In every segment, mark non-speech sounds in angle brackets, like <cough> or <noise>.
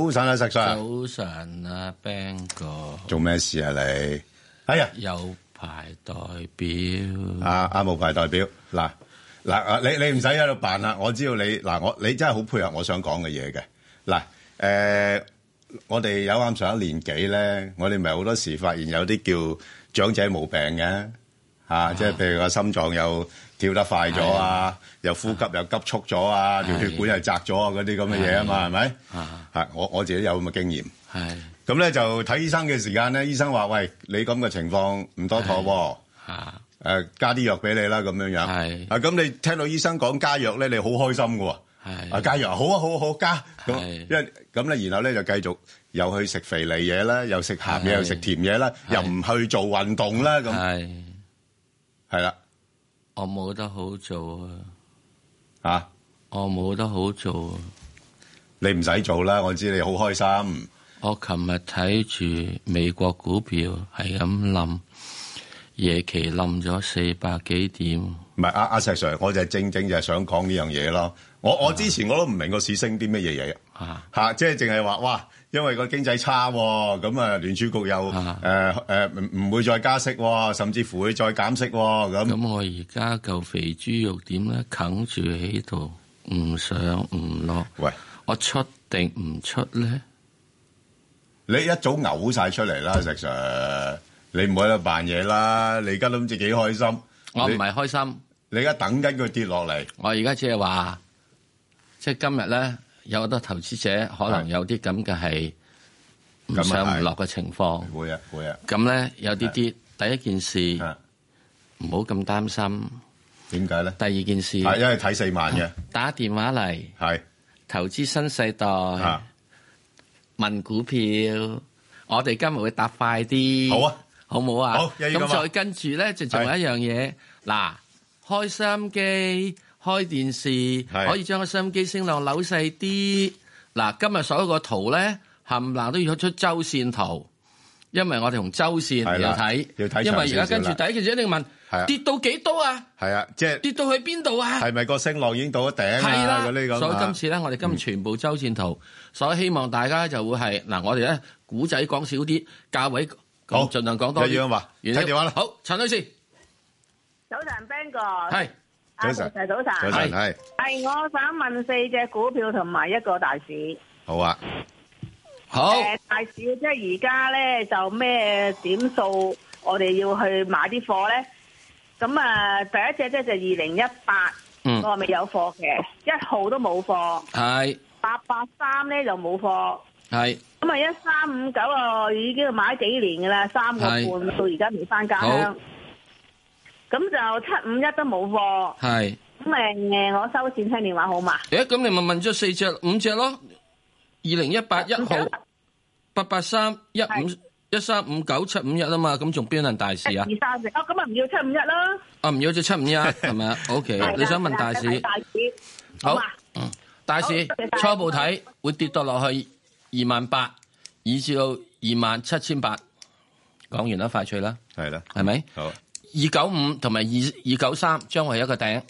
早晨啊，石 Sir！早晨啊，Ben 哥。做咩事啊？你哎呀，有排代表啊，阿冇排代表嗱嗱啊，你你唔使喺度辦啦。我知道你嗱，我你真係好配合我想講嘅嘢嘅嗱，誒，我哋有啱上一年幾咧，我哋咪好多時發現有啲叫長者毛病嘅吓，即係譬如個心臟有。跳得快咗啊，又呼吸又急促咗啊，條血管又窄咗啊，嗰啲咁嘅嘢啊嘛，係咪？我我自己有咁嘅經驗。係，咁咧就睇醫生嘅時間咧，醫生話：，喂，你咁嘅情況唔多妥喎。嚇，誒，加啲藥俾你啦，咁樣樣。係。啊，咁你聽到醫生講加藥咧，你好開心㗎喎。啊，加藥，好啊，好啊，好啊，加。因為咁咧，然後咧就繼續又去食肥膩嘢啦，又食鹹嘢，又食甜嘢啦，又唔去做運動啦，咁。啦。我冇得好做啊！啊！我冇得好做啊！你唔使做啦，我知你好開心。我琴日睇住美國股票係咁冧，夜期冧咗四百幾點？唔係阿石 Sir，我就正正就係想講呢樣嘢咯。我我之前我都唔明個市升啲乜嘢嘢啊吓，即係淨係話哇。因為個經濟差，咁啊聯儲局又誒誒唔唔會再加息，甚至乎會再減息咁。咁我而家嚿肥豬肉點咧啃住喺度，唔上唔落。喂，我出定唔出咧？你一早嘔晒出嚟啦，石 Sir，你唔好喺度扮嘢啦，你而家都唔知幾開心。我唔係開心。你而家等緊佢跌落嚟。我而家只係話，即係今日咧。有好多投資者可能有啲咁嘅係唔上唔落嘅情況，會啊會啊。咁咧有啲啲，第一件事唔好咁擔心。點解咧？第二件事係因為睇四萬嘅。打電話嚟係投資新世代，問股票，我哋今日會答快啲。好啊，好唔好啊？好。咁再跟住咧，就仲有一樣嘢，嗱，開心機。開電視，可以將個收音機聲浪扭細啲。嗱，今日所有個圖咧，冚唪唥都要出周線圖，因為我哋同周線要睇，要睇長線啦。因為而家跟住第一件事，一定要問跌到幾多啊？係啊，即係跌到去邊度啊？係咪個聲浪已經到咗頂啊？係啦，所以今次咧，我哋今日全部周線圖，所以希望大家就會係嗱，我哋咧股仔講少啲，價位講盡量講多啲。一樣話，睇電話啦。好，陳女士，早晨，Bang 哥。係。早晨，早晨，係係，係我想問四隻股票同埋一個大市。好啊，好。呃、大市即係而家咧就咩點數？我哋要去買啲貨咧。咁啊，第一隻咧就二零一八，我話未有貨嘅，一號都冇貨。係八八三咧就冇貨。係咁啊，一三五九啊已經買幾年㗎喇，三個半是到而家未返家鄉。咁就七五一都冇貨，係咁咪，誒，我收線聽電話好嘛？誒、欸，咁你咪問咗四隻五隻咯，二零一八一號八八三一五一三五九七五一啊嘛，咁仲邊輪大市啊？二三四哦，咁啊唔要七五一啦，啊唔要隻七五一係咪啊？OK， <laughs> 你想問大市？大 <laughs> 市好，好，嗯，大市初步睇會跌到落去二萬八，以至到二萬七千八。講、嗯、完啦、嗯，快脆啦，係啦，係咪？好。二九五同埋二二九三將會係一個頂。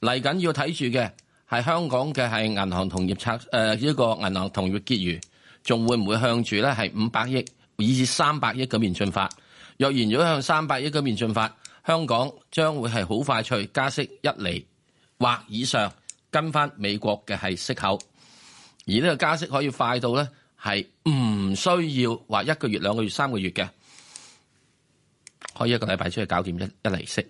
嚟緊要睇住嘅係香港嘅係銀行同業拆誒呢個銀行同業結餘仲會唔會向住咧係五百億以至三百億嗰面進發？若然如果向三百億嗰面進發，香港將會係好快脆加息一厘或以上跟翻美國嘅係息口，而呢個加息可以快到咧係唔需要話一個月兩個月三個月嘅。可以一個禮拜出去搞掂一一厘息，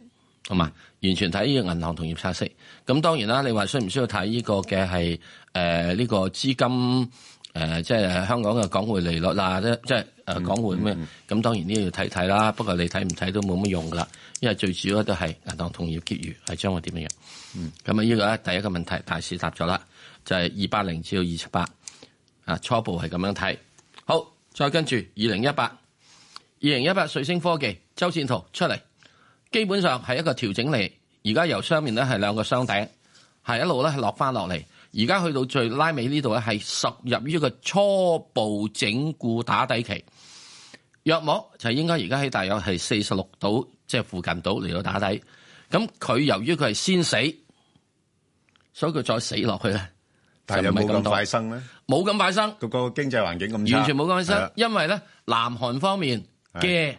好嘛？完全睇呢個銀行同業拆息。咁當然啦，你話需唔需要睇呢個嘅係誒呢個資金誒，即、呃、係、就是、香港嘅港匯利率啦，即即係誒港匯咩？咁、嗯嗯、當然呢個要睇睇啦。不過你睇唔睇都冇乜用噶啦，因為最主要都係銀行同業結餘係將會點樣。嗯，咁啊呢個第一個問題，大市答咗啦，就係二八零至到二七八啊，初步係咁樣睇。好，再跟住二零一八，二零一八瑞星科技。周線圖出嚟，基本上係一個調整嚟。而家由雙面咧係兩個雙頂，係一路咧落翻落嚟。而家去到最拉尾呢度咧，係十入於一個初步整固打底期。若冇就係應該而家喺大約係四十六度，即係附近度嚟到打底。咁佢由於佢係先死，所以佢再死落去咧。但係有冇咁快生咧？冇咁快生。個個經濟環境咁差，完全冇咁快生。因為咧，南韓方面嘅。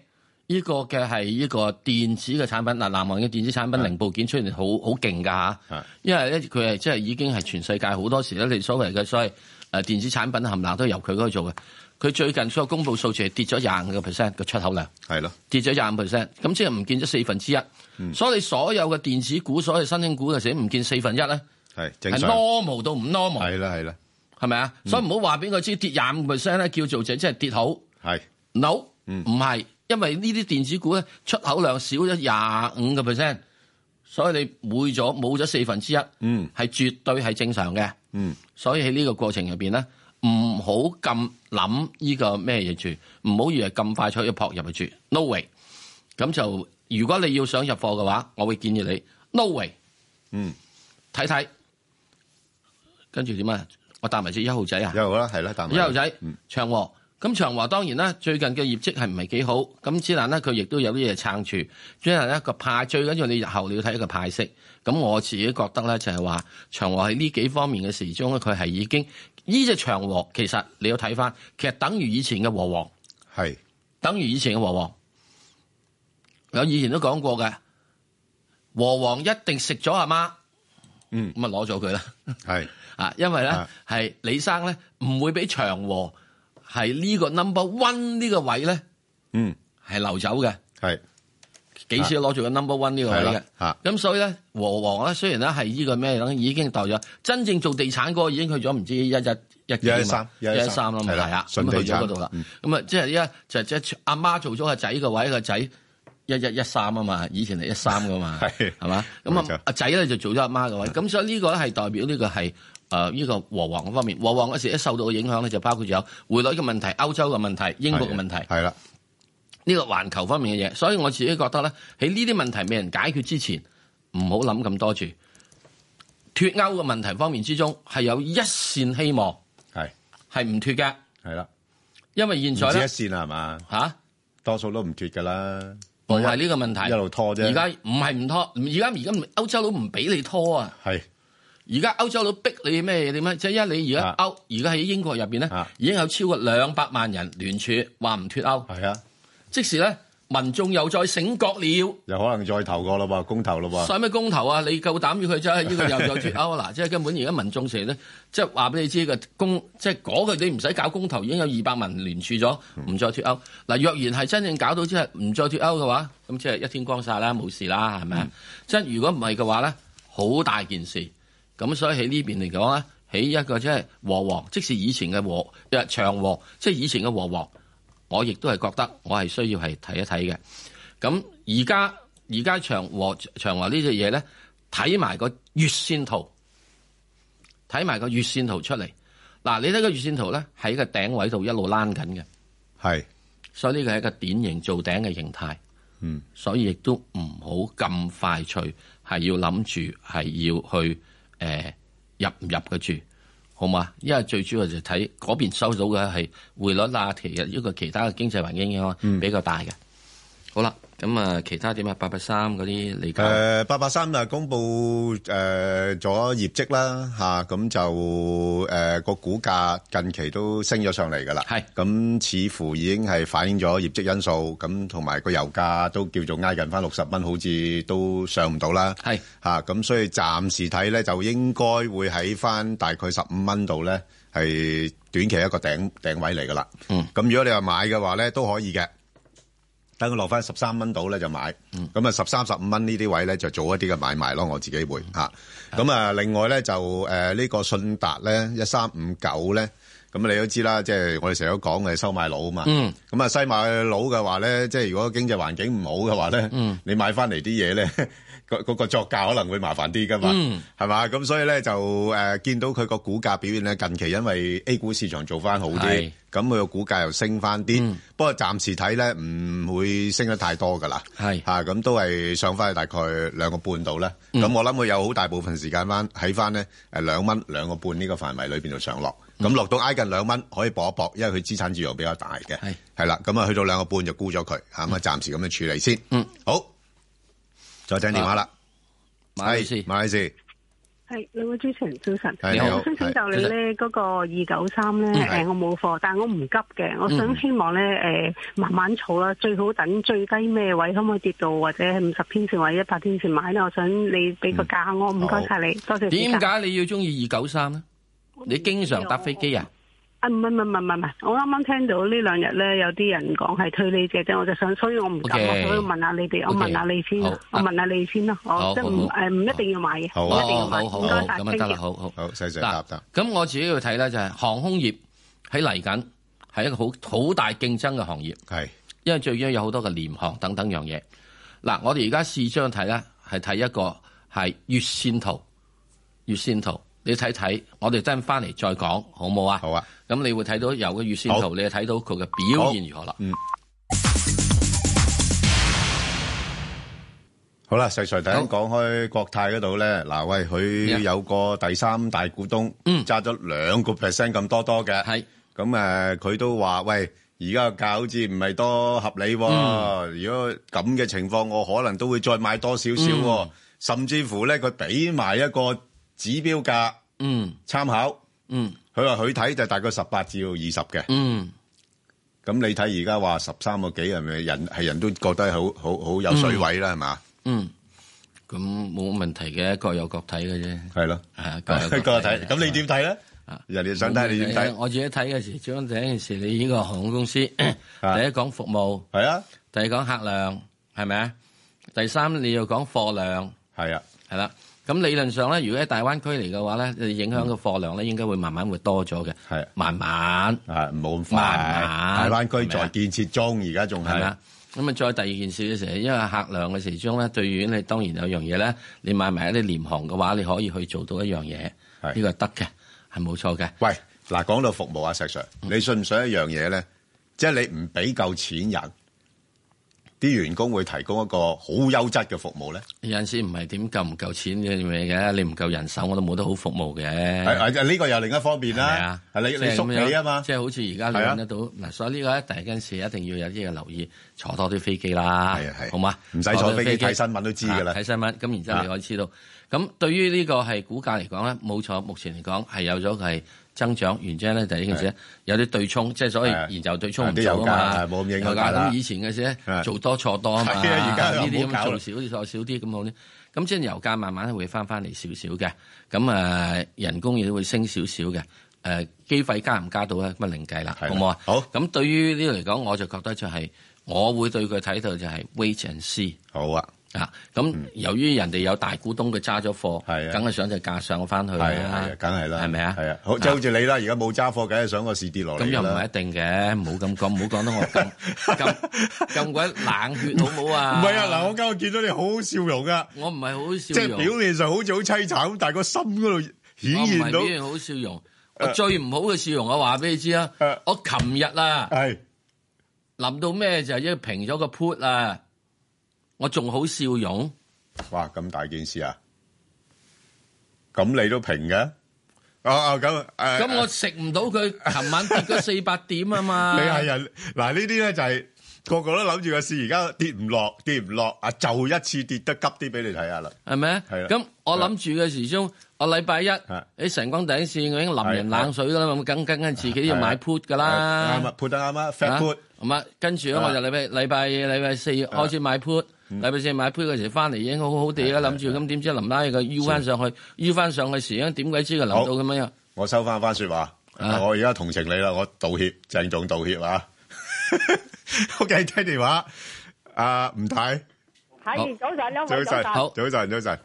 呢個嘅，係呢個電子嘅產品嗱，南韓嘅電子產品零部件出現好好勁噶吓，的的的，因為咧佢係即係已經係全世界好多時咧，你所謂嘅所謂誒電子產品含量都由佢度做嘅。佢最近所有公布數字係跌咗廿五個 percent 嘅出口量，係咯，跌咗廿五 percent，咁即係唔見咗四分之一。所以你所有嘅電子股，所謂新興股嘅嘢唔見了四分之一咧，係正常，normal 到唔 normal，係啦係啦，係咪啊？所以唔好話俾佢知跌廿五 percent 咧，叫做即係跌好，係 no，唔、嗯、係。唔係因為呢啲電子股咧出口量少咗廿五個 percent，所以你每咗冇咗四分之一，嗯，係絕對係正常嘅，嗯。所以喺呢個過程入邊咧，唔好咁諗呢個咩嘢住，唔好以為咁快出一撲入去住，no way。咁就如果你要想入貨嘅話，我會建議你 no way。嗯，睇睇，跟住點啊？我帶埋隻一號仔啊，一號啦，係啦，一號仔，嗯，長和。咁長和當然啦，最近嘅業績係唔係幾好，咁只能咧佢亦都有啲嘢撐住。只能咧個派，最緊要你日後你要睇一個派息。咁我自己覺得咧就係、是、話，長和喺呢幾方面嘅時中咧，佢係已經呢隻長和其實你要睇翻，其實等於以前嘅和黃，係等於以前嘅和黃。我以前都講過嘅，和黃一定食咗阿媽，嗯咁啊攞咗佢啦，係啊， <laughs> 因為咧係李生咧唔會俾長和。係呢個 number one 呢個位咧，嗯，係流走嘅，係幾時攞住個 number one 呢個位嘅，咁所以咧，和王咧雖然咧係呢個咩咧，已經代咗真正做地產嗰個已經去咗，唔知一一一，一三，嗯嗯就是就是就是，一一三啦嘛，係啊，咁去咗嗰度啦，咁啊即係一就即係阿媽做咗阿仔個位，個仔一一一三啊嘛，以前係一三噶嘛，係嘛，咁啊阿仔咧就做咗阿媽嘅位，咁所以呢個咧係代表呢個係。誒、啊，呢、這個和黃方面，和黃嗰時一受到嘅影響咧，就包括有匯率嘅問題、歐洲嘅問題、英國嘅問題，係啦，呢、這個環球方面嘅嘢。所以我自己覺得咧，喺呢啲問題未能解決之前，唔好諗咁多住。脫歐嘅問題方面之中，係有一線希望，係係唔脫嘅，係啦，因為現在咧，只一線啊嘛吓，多數都唔脱噶啦，唔係呢個問題一,一路拖啫，而家唔係唔拖，而家而家歐洲佬唔俾你拖啊，係。而家歐洲佬逼你咩？點乜？即係一你而家歐而家喺英國入邊咧，已經有超過兩百萬人聯署話唔脫歐。係啊，即時咧，民眾又再醒覺了，又可能再投過嘞噃，公投嘞噃。使咩公投啊？你夠膽要佢真係呢個又再脫歐嗱？ <laughs> 即係根本而家民眾成日咧，即係話俾你知嘅公即係嗰個你唔使搞公投，已經有二百萬聯署咗唔再脫歐嗱、嗯。若然係真正搞到真係唔再脫歐嘅話，咁即係一天光晒啦，冇事啦，係咪啊？即係如果唔係嘅話咧，好大件事。咁所以喺呢邊嚟講咧，起一個黃，即係和黃，即使以前嘅和、和，長和，即係以前嘅和黃，我亦都係覺得我係需要係睇一睇嘅。咁而家而家長和長和呢隻嘢咧，睇埋個月線圖，睇埋個月線圖出嚟。嗱、啊，你睇個月線圖咧，喺個頂位度一路拉緊嘅，係。所以呢個係一個典型做頂嘅形態。嗯。所以亦都唔好咁快脆，係要諗住係要去。誒，入唔入得住，好嘛？因為最主要就睇邊收到嘅係匯率啊，其實一個其他嘅經濟環境影響比較大嘅，嗯。好啦。咁啊，其他點啊？八八三嗰啲嚟緊。誒，八八三啊，公佈誒咗業績啦，嚇，咁就誒個股價近期都升咗上嚟㗎啦。係。咁似乎已經係反映咗業績因素，咁同埋個油價都叫做挨近返六十蚊，好似都上唔到啦。係。嚇，咁所以暫時睇咧，就應該會喺返大概十五蚊度咧，係短期一個頂頂位嚟㗎啦。嗯。咁如果你話買嘅話咧，都可以嘅。等佢落翻十三蚊到咧就買，咁啊十三十五蚊呢啲位咧就做一啲嘅買賣咯，我自己會嚇。咁啊另外咧就誒呢個信達咧，一三五九咧，咁你都知啦，即係我哋成日都講嘅收買佬啊嘛。咁啊西買佬嘅話咧，即係如果經濟環境唔好嘅話咧，你買翻嚟啲嘢咧。嗰個作價可能會麻煩啲噶嘛，係嘛？咁所以咧就誒見到佢個股價表現咧，近期因為 A 股市場做翻好啲，咁佢個股價又升翻啲。不過暫時睇咧唔會升得太多噶啦，係嚇咁都係上翻去大概兩個半度啦。咁我諗佢有好大部分時間翻喺翻呢誒兩蚊兩個半呢個範圍裏邊度上落，咁落到挨近兩蚊可以搏一搏，因為佢資產自由比較大嘅，係啦。咁啊去到兩個半就沽咗佢嚇咁啊，暫時咁樣處理先。嗯，好。再聽電話啦、啊，馬女士，馬女士，係，主持人早晨，你好，我想請教你咧，嗰、那個二九三咧，誒，我冇貨，但係我唔急嘅，我想希望咧，誒、呃，慢慢儲啦，最好等最低咩位可唔可以跌到，或者係五十天線或者一百天線買咧？我想你俾個價我，唔該晒你、嗯，多謝。點解你要中意二九三咧？你經常搭飛機啊？唔唔唔唔唔唔，我啱啱聽到呢兩日咧有啲人講係推你隻啫，我就想，所以我唔敢，okay, 所以我問下你哋，我問下你，okay, 啊、你先，我問下你先啦，我真唔誒唔一定要買嘅，唔、啊、一定要買，好，該曬，歡迎。好好好，多謝答答。咁我自己要睇咧就係、是、航空業喺嚟緊，係一個好好大競爭嘅行業，係因為最緊要有好多嘅廉航等等樣嘢。嗱，我哋而家試將睇咧係睇一個係月線圖，月線圖。你睇睇，我哋真翻嚟再講，好冇啊？好啊！咁你會睇到有個月線圖，你睇到佢嘅表現如何啦？嗯。好啦，細才頭先講開國泰嗰度咧，嗱喂，佢有個第三大股東，嗯，揸咗兩個 percent 咁多多嘅，係。咁誒，佢都話喂，而家個價好似唔係多合理，如果咁嘅情況，我可能都會再買多少少，甚至乎咧，佢俾埋一個。指標價，嗯，參考，嗯，佢話佢睇就大概十八至到二十嘅，嗯，咁你睇而家話十三個幾係咪人係人，人都覺得好好好有水位啦係嘛？嗯，咁冇、嗯、問題嘅，各有各睇嘅啫，係咯，係各有各睇，咁 <laughs> 你點睇咧？啊，人哋想睇你點睇？我自己睇嘅時候，最緊要第一件事，你呢個航空公司，第一講服務，係啊，第二講客量，係咪啊？第三你要講貨量，係啊，係啦。咁理論上咧，如果喺大灣區嚟嘅話咧，影響嘅貨量咧，應該會慢慢會多咗嘅。係，慢慢唔好咁快、啊、慢慢大灣區在建設中，而家仲係咁啊，再第二件事嘅時候，因為客量嘅時鐘咧，對遠你當然有樣嘢咧，你買埋一啲廉航嘅話，你可以去做到一樣嘢，呢、呢個得嘅，係冇錯嘅。喂，嗱講到服務啊，石 Sir，你信唔信一樣嘢咧？即係你唔俾夠錢人。啲員工會提供一個好優質嘅服務咧。有陣時唔係點夠唔夠錢嘅嘢嘅，你唔夠人手我都冇得好服務嘅。係、啊、呢、啊呢個又另一方面啦。係啊，四叔你啊、就是、嘛，即、就、係、是、好似而家搵得到嗱、啊，所以呢、這個第一件事一定要有啲嘅留意，坐多啲飛機啦，係啊係、啊，好嘛，唔使坐飛機睇新聞都知㗎啦。睇、啊、新聞，咁然之後你可以知道。咁對於呢個係股價嚟講咧，冇錯，目前嚟講係有咗係增長，然之後咧就呢第件事，有啲對沖，即係所以而就對沖唔到啊。有啲冇咁影響啦。咁以前嘅嘢做多錯多啊嘛。係而家呢又冇做少啲、錯少啲咁好咧。咁即係油價慢慢會翻翻嚟少少嘅。咁啊、呃，人工亦都會升少少嘅。誒、呃，機費加唔加到咧？咁啊，另計啦，好唔好啊？好。咁對於呢啲嚟講，我就覺得就係、是，我會對佢睇到就係 wait and see。好啊。嗱、啊，咁由於人哋有大股東佢揸咗貨，係梗係想隻價上返去啦，梗係啦，係咪啊？係啊，啊，啊，好即係好似你啦，而家冇揸貨，梗係想個市跌落嚟啦。咁、啊、又唔係一定嘅，唔好咁講，唔好講得我咁咁鬼冷血，好唔好啊？唔係啊，嗱，我今日見到你好笑容噶、啊，我唔係好笑容，即、就、係、是、表面上好似好凄慘，但係個心嗰度顯然。到。表面好笑容，啊、我最唔好嘅笑容，我話俾你知啊，我琴日啊，係諗到咩就係、是、一平咗個 put 啊。我仲好笑容，哇！咁大件事啊，咁你都平嘅？哦哦咁，咁我食唔到佢琴晚跌咗四百點啊嘛！你係啊，嗱呢啲咧就係個個都諗住個市而家跌唔落跌唔落啊，就一次跌得急啲俾你睇下啦，係咪？係啦，咁我諗住嘅時鐘，我禮拜一喺晨光第一線，我已經淋人冷水啦，咁跟跟緊自己要買 put 噶啦，put 啱啊，fat put，唔啊，跟住咧我就禮拜禮拜禮拜四開始買 put。大把事買杯嘅時翻嚟已經好好地啦，諗住咁點知林拉佢腰翻上去，腰翻上嘅時，點鬼知佢諗到咁樣？我收翻翻說話，我而家同情你啦，我道歉，鄭重道歉啊！好嘅，聽電話。唔、uh, 吳太，係早晨，你好，早晨，早晨，早晨。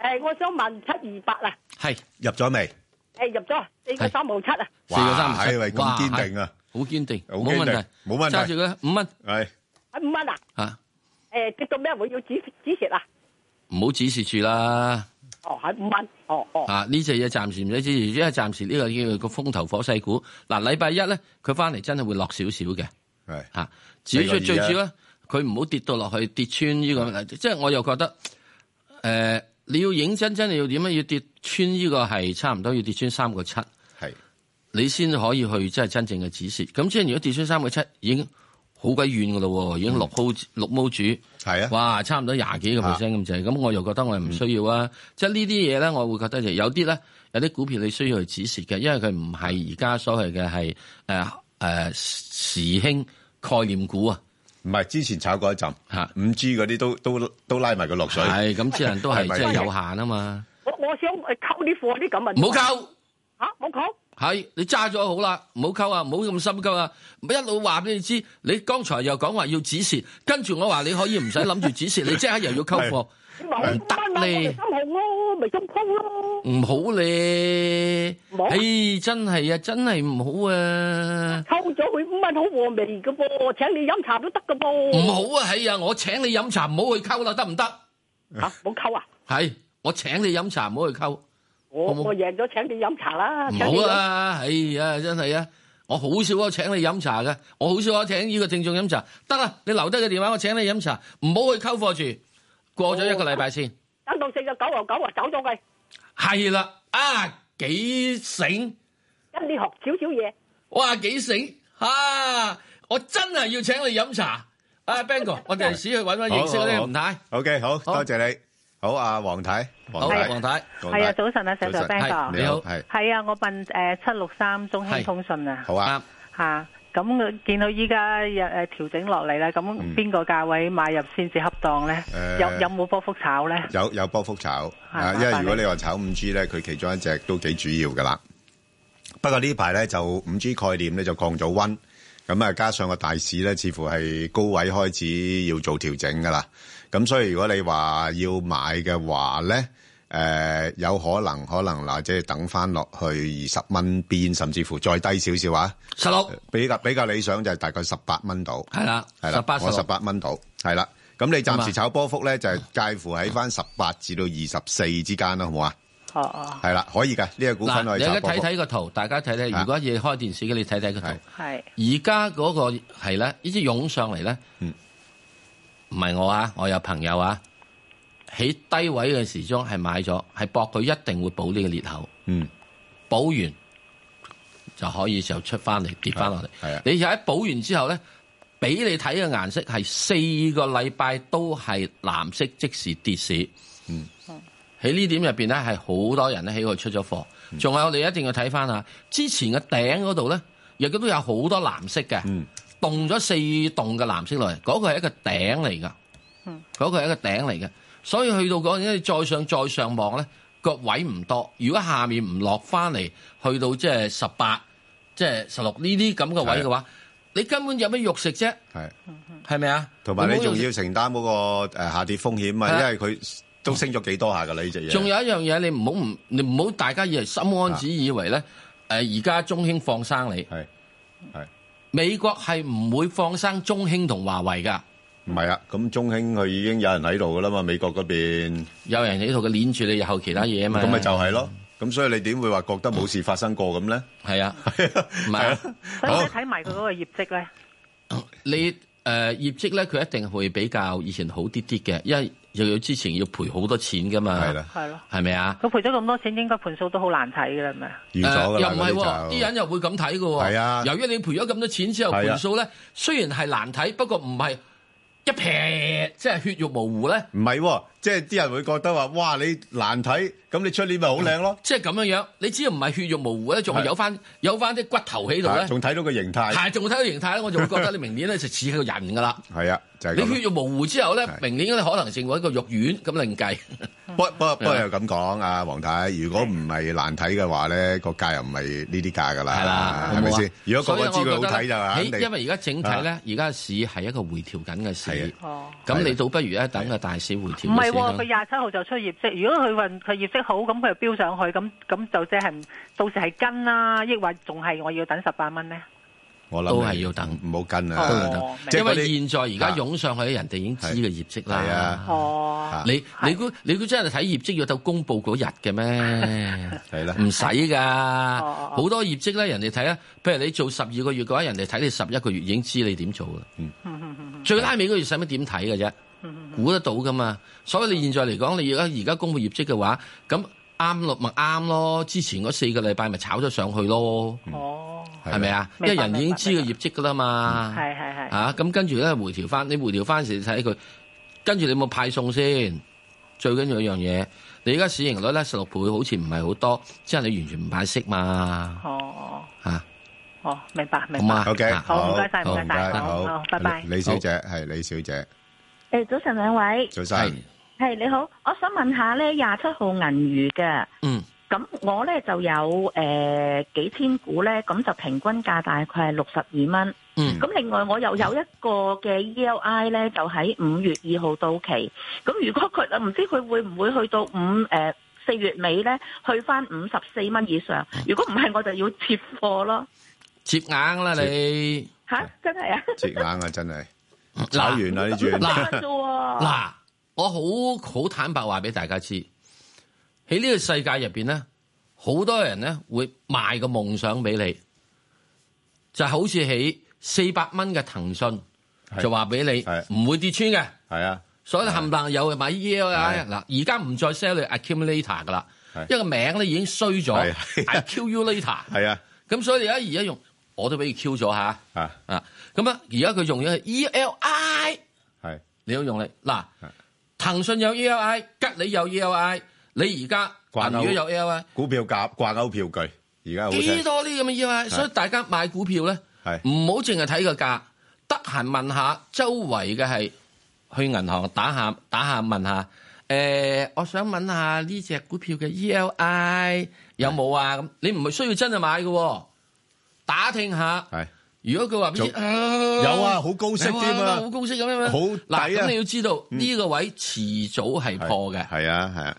誒， <noise> 我想問七二八啦，係入咗未？誒，入咗，入四個三毛七、哎、啊。哇，係咪咁堅定啊？好堅定，冇問題，冇問題。揸住佢五蚊，係五蚊啊？吓、啊！誒，跌到咩，會要止止蝕啦，唔好止蝕住啦。哦，喺五蚊。哦哦。啊，呢隻嘢暫時唔使止蝕，因為暫時呢個叫個風頭火勢股。嗱、啊，禮拜一咧，佢翻嚟真係會落少少嘅。係。吓、啊，主、這個、要最主要咧，佢唔好跌到落去跌穿呢、這個，即係我又覺得，誒、呃，你要認真真係要點樣要跌穿呢、這個係差唔多要跌穿三個七，係，你先可以去即係真正嘅止蝕。咁即係如果跌穿三個七已經。好鬼遠噶咯喎，已經六毛六毛主，嘩，啊，哇，差唔多廿幾個 percent 咁滯，咁、啊、我又覺得我哋唔需要啊、嗯，即係呢啲嘢咧，我會覺得就有啲咧，有啲股票你需要去止蝕嘅，因為佢唔係而家所謂嘅係誒誒時興概念股啊，唔係之前炒過一陣五 G 嗰啲都都都拉埋佢落水，係咁，資源都係即係有限啊嘛，我我想溝啲貨啲咁啊，唔好溝嚇，溝。係，你揸咗好啦，唔好溝啊，唔好咁心急啊！一路話俾你知，你剛才又講話要止蝕，跟住我話你可以唔使諗住止蝕，你即刻又要溝貨，唔得咧，分紅咯，咪咁溝咯，唔好咧，唉，真係啊，真係唔好啊！溝咗佢唔係好和味噶噃，請你飲茶都得噶噃，唔好啊，係啊，我請你飲茶，唔好去溝啦，得唔得？吓，唔好溝啊，係，我請你飲茶，唔好去溝。我我贏咗，請你飲茶啦！唔好啦，哎呀，真係啊！我好少啊，請你飲茶嘅，我好少啊，請呢個聽眾飲茶。得啦，你留低個電話，我請你飲茶，唔好去溝貨住。過咗一個禮拜先。等到四個九和九啊，走咗佢。係啦，啊，幾醒？跟你學少少嘢。哇，幾醒啊！我真係要請你飲茶。啊 Bingo，我第時去搵翻認識嗰啲吳太。OK，好多謝你，好啊，王太。好，王太，係啊，啊，早晨啊，石 s Ben 哥，你好，係，係啊，我笨。誒七六三中興通訊啊，好啊，吓咁、啊、見到依家有誒調整落嚟咧，咁邊個價位買入先至恰當咧、嗯？有有冇波幅炒咧？有有波幅炒，啊，因為如果你話炒五 G 咧，佢其中一隻都幾主要噶啦。不過呢排咧就五 G 概念咧就降咗溫，咁啊加上個大市咧似乎係高位開始要做調整噶啦，咁所以如果你話要買嘅話咧。誒、呃，有可能，可能或者等翻落去二十蚊邊，甚至乎再低少少啊？十六比較比較理想就係大概十八蚊度，係啦，係啦，我十八蚊度，係啦。咁你暫時炒波幅咧，就介乎喺翻十八至到二十四之間啦，好唔好啊？哦哦，係啦，可以噶呢、這個股份可以炒波幅。嗱，你而家睇睇個圖，大家睇睇。如果要開電視嘅、啊，你睇睇個圖。係而家嗰個係咧，是呢支湧上嚟咧，嗯，唔係我啊，我有朋友啊。喺低位嘅時鐘係買咗，係搏佢一定會補呢個裂口。嗯，補完就可以就出翻嚟跌翻落嚟。係啊，你而家補完之後咧，俾你睇嘅顏色係四個禮拜都係藍色，即時跌市。嗯，喺呢點入邊咧，係好多人咧喺度出咗貨。仲、嗯、有我哋一定要睇翻啊，之前嘅頂嗰度咧，亦都有好多藍色嘅、嗯，動咗四棟嘅藍色落嚟，嗰、那個係一個頂嚟㗎。嗰、 <noise> 那個係一個頂嚟嘅，所以去到嗰、那個，因為你再上再上望咧，那個位唔多。如果下面唔落翻嚟，去到即係十八、即係十六呢啲咁嘅位嘅話，你根本有咩肉食啫？係係咪啊？同埋你仲要承擔嗰個誒下跌風險啊，因為佢都升咗幾多下噶啦呢隻嘢。仲、 <noise> 這個、有一樣嘢，你唔好唔你唔好大家以為心安只以為咧，誒而家中興放生你係係美國係唔會放生中興同華為噶。唔係啊，咁中興佢已經有人喺度噶啦嘛，美國嗰邊有人喺度，佢鏈住你又後其他嘢啊嘛。咁咪就係咯，咁、嗯、所以你點會話覺得冇事發生過咁咧？係啊，係 <laughs> 是啊，唔 <laughs> 是、啊、 <laughs> 所以你睇埋佢嗰個業績咧、啊，你誒、呃、業績咧，佢一定會比較以前好啲啲嘅，因為又要之前要賠好多錢噶嘛，係啦，係咪啊？佢賠咗咁多錢，應該盤數都好難睇噶啦，係咪？完咗噶啦，又唔係啲人又會咁睇噶，係啊。由於你賠咗咁多錢之後盤數咧，雖然係難睇，不過唔係。一撇即係血肉模糊咧，唔係喎。即係啲人會覺得話：哇！你難睇，咁你出年咪好靚咯？即係咁樣樣，你只要唔係血肉模糊咧，仲係有翻有翻啲骨頭喺度咧，仲睇到個形態，係仲睇到形態咧， <laughs> 我就會覺得你明年咧就似一個人噶啦。係啊，就係、是、你血肉模糊之後咧，明年咧可能性一個肉丸咁另計。不不不，又咁講啊，黃太，如果唔係難睇嘅話咧，個價又唔係呢啲價噶啦，係啦，係咪先？如果個個知佢好睇就係啦。因為而家整體咧，而家市係一個回調緊嘅市，咁你倒不如一、啊、等個大市回調。佢廿七號就出業績，如果佢運佢業績好，咁佢就飚上去，咁咁就即係到時係跟啦，抑或仲係我要等十八蚊呢？我諗都係要等，唔好跟啊，因為現在而家湧上去，啊、人哋已經知個業績啦。係啊，啊、哦、啊，你你估你估真係睇業績要到公佈嗰日嘅咩？係 <laughs> 啦、啊，唔使㗎，好、啊哦、多業績咧，人哋睇咧，譬如你做十二個月嘅話，人哋睇你十一個月已經知你點做嘅。嗯、啊、最拉尾嗰個月使乜點睇嘅啫？估得到噶嘛？所以你現在嚟講，你而家而家公布業績嘅話，咁啱落咪啱咯。之前嗰四個禮拜咪炒咗上去咯。哦，係咪啊？因為人已經知個業績噶啦嘛。係係係。嚇、啊！咁、嗯嗯啊、跟住咧回調翻，你回調翻時睇佢，跟住你有冇派送先。最緊要一樣嘢，你而家市盈率咧十六倍，好似唔係好多，即係你完全唔派息嘛。哦。嚇、啊！哦，明白明白。好嘛。O K，好唔該曬唔該曬，好，好，好，謝謝好，好，好，好拜拜。李小姐係李小姐。誒，早晨兩位，早晨係你好，我想問下咧，廿七號銀娛嘅，嗯，咁我咧就有誒幾千股咧，咁就平均價大概係六十二蚊，嗯，咁另外我又有一個嘅 E L I 咧，就喺五月二號到期，咁如果佢唔知佢會唔會去到五誒四月尾咧，去翻五十四蚊以上，如果唔係我就要接貨咯，接硬啦你，吓真係啊，接硬啊真係。打完啦呢轉，嗱我好好坦白話俾大家知，喺呢個世界入邊咧，好多人咧會賣個夢想俾你，就好似起四百蚊嘅騰訊，就話俾你唔會跌穿嘅，係啊，所以冚唪唥又有 Yahoo 啦，嗱而家唔再 sell 你 Accumulator 噶啦，因為個名咧已經衰咗，係 <laughs> Q U later 係啊，咁所以你而家用我都俾你 Q 咗吓，啊啊！咁啊！而家佢用咗係 E L I，係你好用嚟嗱，騰訊有 E L I，吉利有 E L I，你而家如果有 E L I，股票價掛鈎票據而家幾多啲咁嘅 E L I，所以大家買股票咧，唔好淨係睇個價，得閒問下周圍嘅係去銀行打下打下問下，誒，我想問下呢隻股票嘅 E L I 有冇啊？咁你唔係需要真係買嘅，打聽下。如果佢話俾你知有啊，好高息啊，啦，好高息咁樣，好嗱，咁你要知道呢、嗯這個位遲早係破嘅，係啊係啊。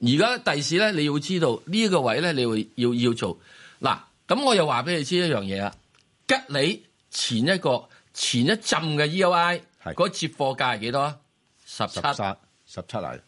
而家第時咧，你要知道呢、這個位咧，你會要要做嗱。咁我又話俾你知一樣嘢啊，吉利前一個前一浸嘅 E O I 係嗰接貨價係幾多？十七十七嚟。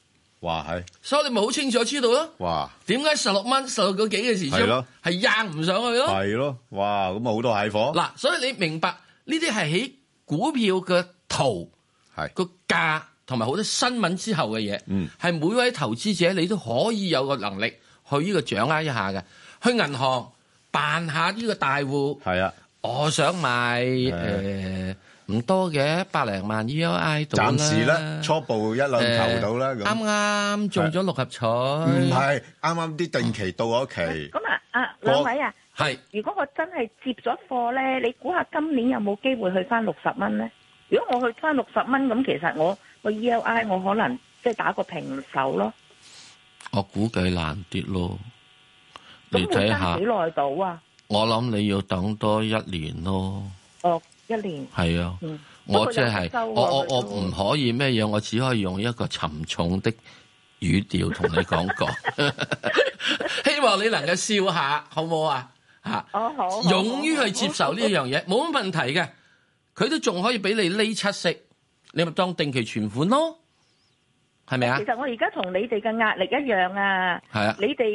哇係，所以你咪好清楚知道咯。哇，點解十六蚊十六個幾嘅時鐘係掗唔上去咯？係咯，哇咁啊好多蟹貨。嗱，所以你明白呢啲係喺股票嘅圖、係個價同埋好多新聞之後嘅嘢。嗯，係每位投資者你都可以有個能力去呢個掌握一下嘅，去銀行辦下呢個大戶。係啊，我想買唔多嘅，百零萬 E L I 到啦。暫時咧，初步一輪投到啦。啱啱中咗六合彩。唔係，啱啱啲定期到我屋企。咁啊，啊兩位啊，係。如果我真係接咗貨咧，你估下今年有冇機會去翻六十蚊咧？如果我去翻六十蚊，咁其實我個 E L I 我可能即係打個平手咯。我估計難啲咯。你睇下幾耐到啊？我諗你要等多一年咯。哦。一年係啊，嗯、我即、就、係、是、我我我唔可以咩嘢，我只可以用一個沉重的語調同你講講，希望你能夠笑下，好唔好啊？吓、哦，我好，好，勇於去接受呢樣嘢，冇乜問題嘅，佢都仲可以俾你呢七息，你咪當定期存款咯，係咪啊？其實我而家同你哋嘅壓力一樣啊，係啊，你哋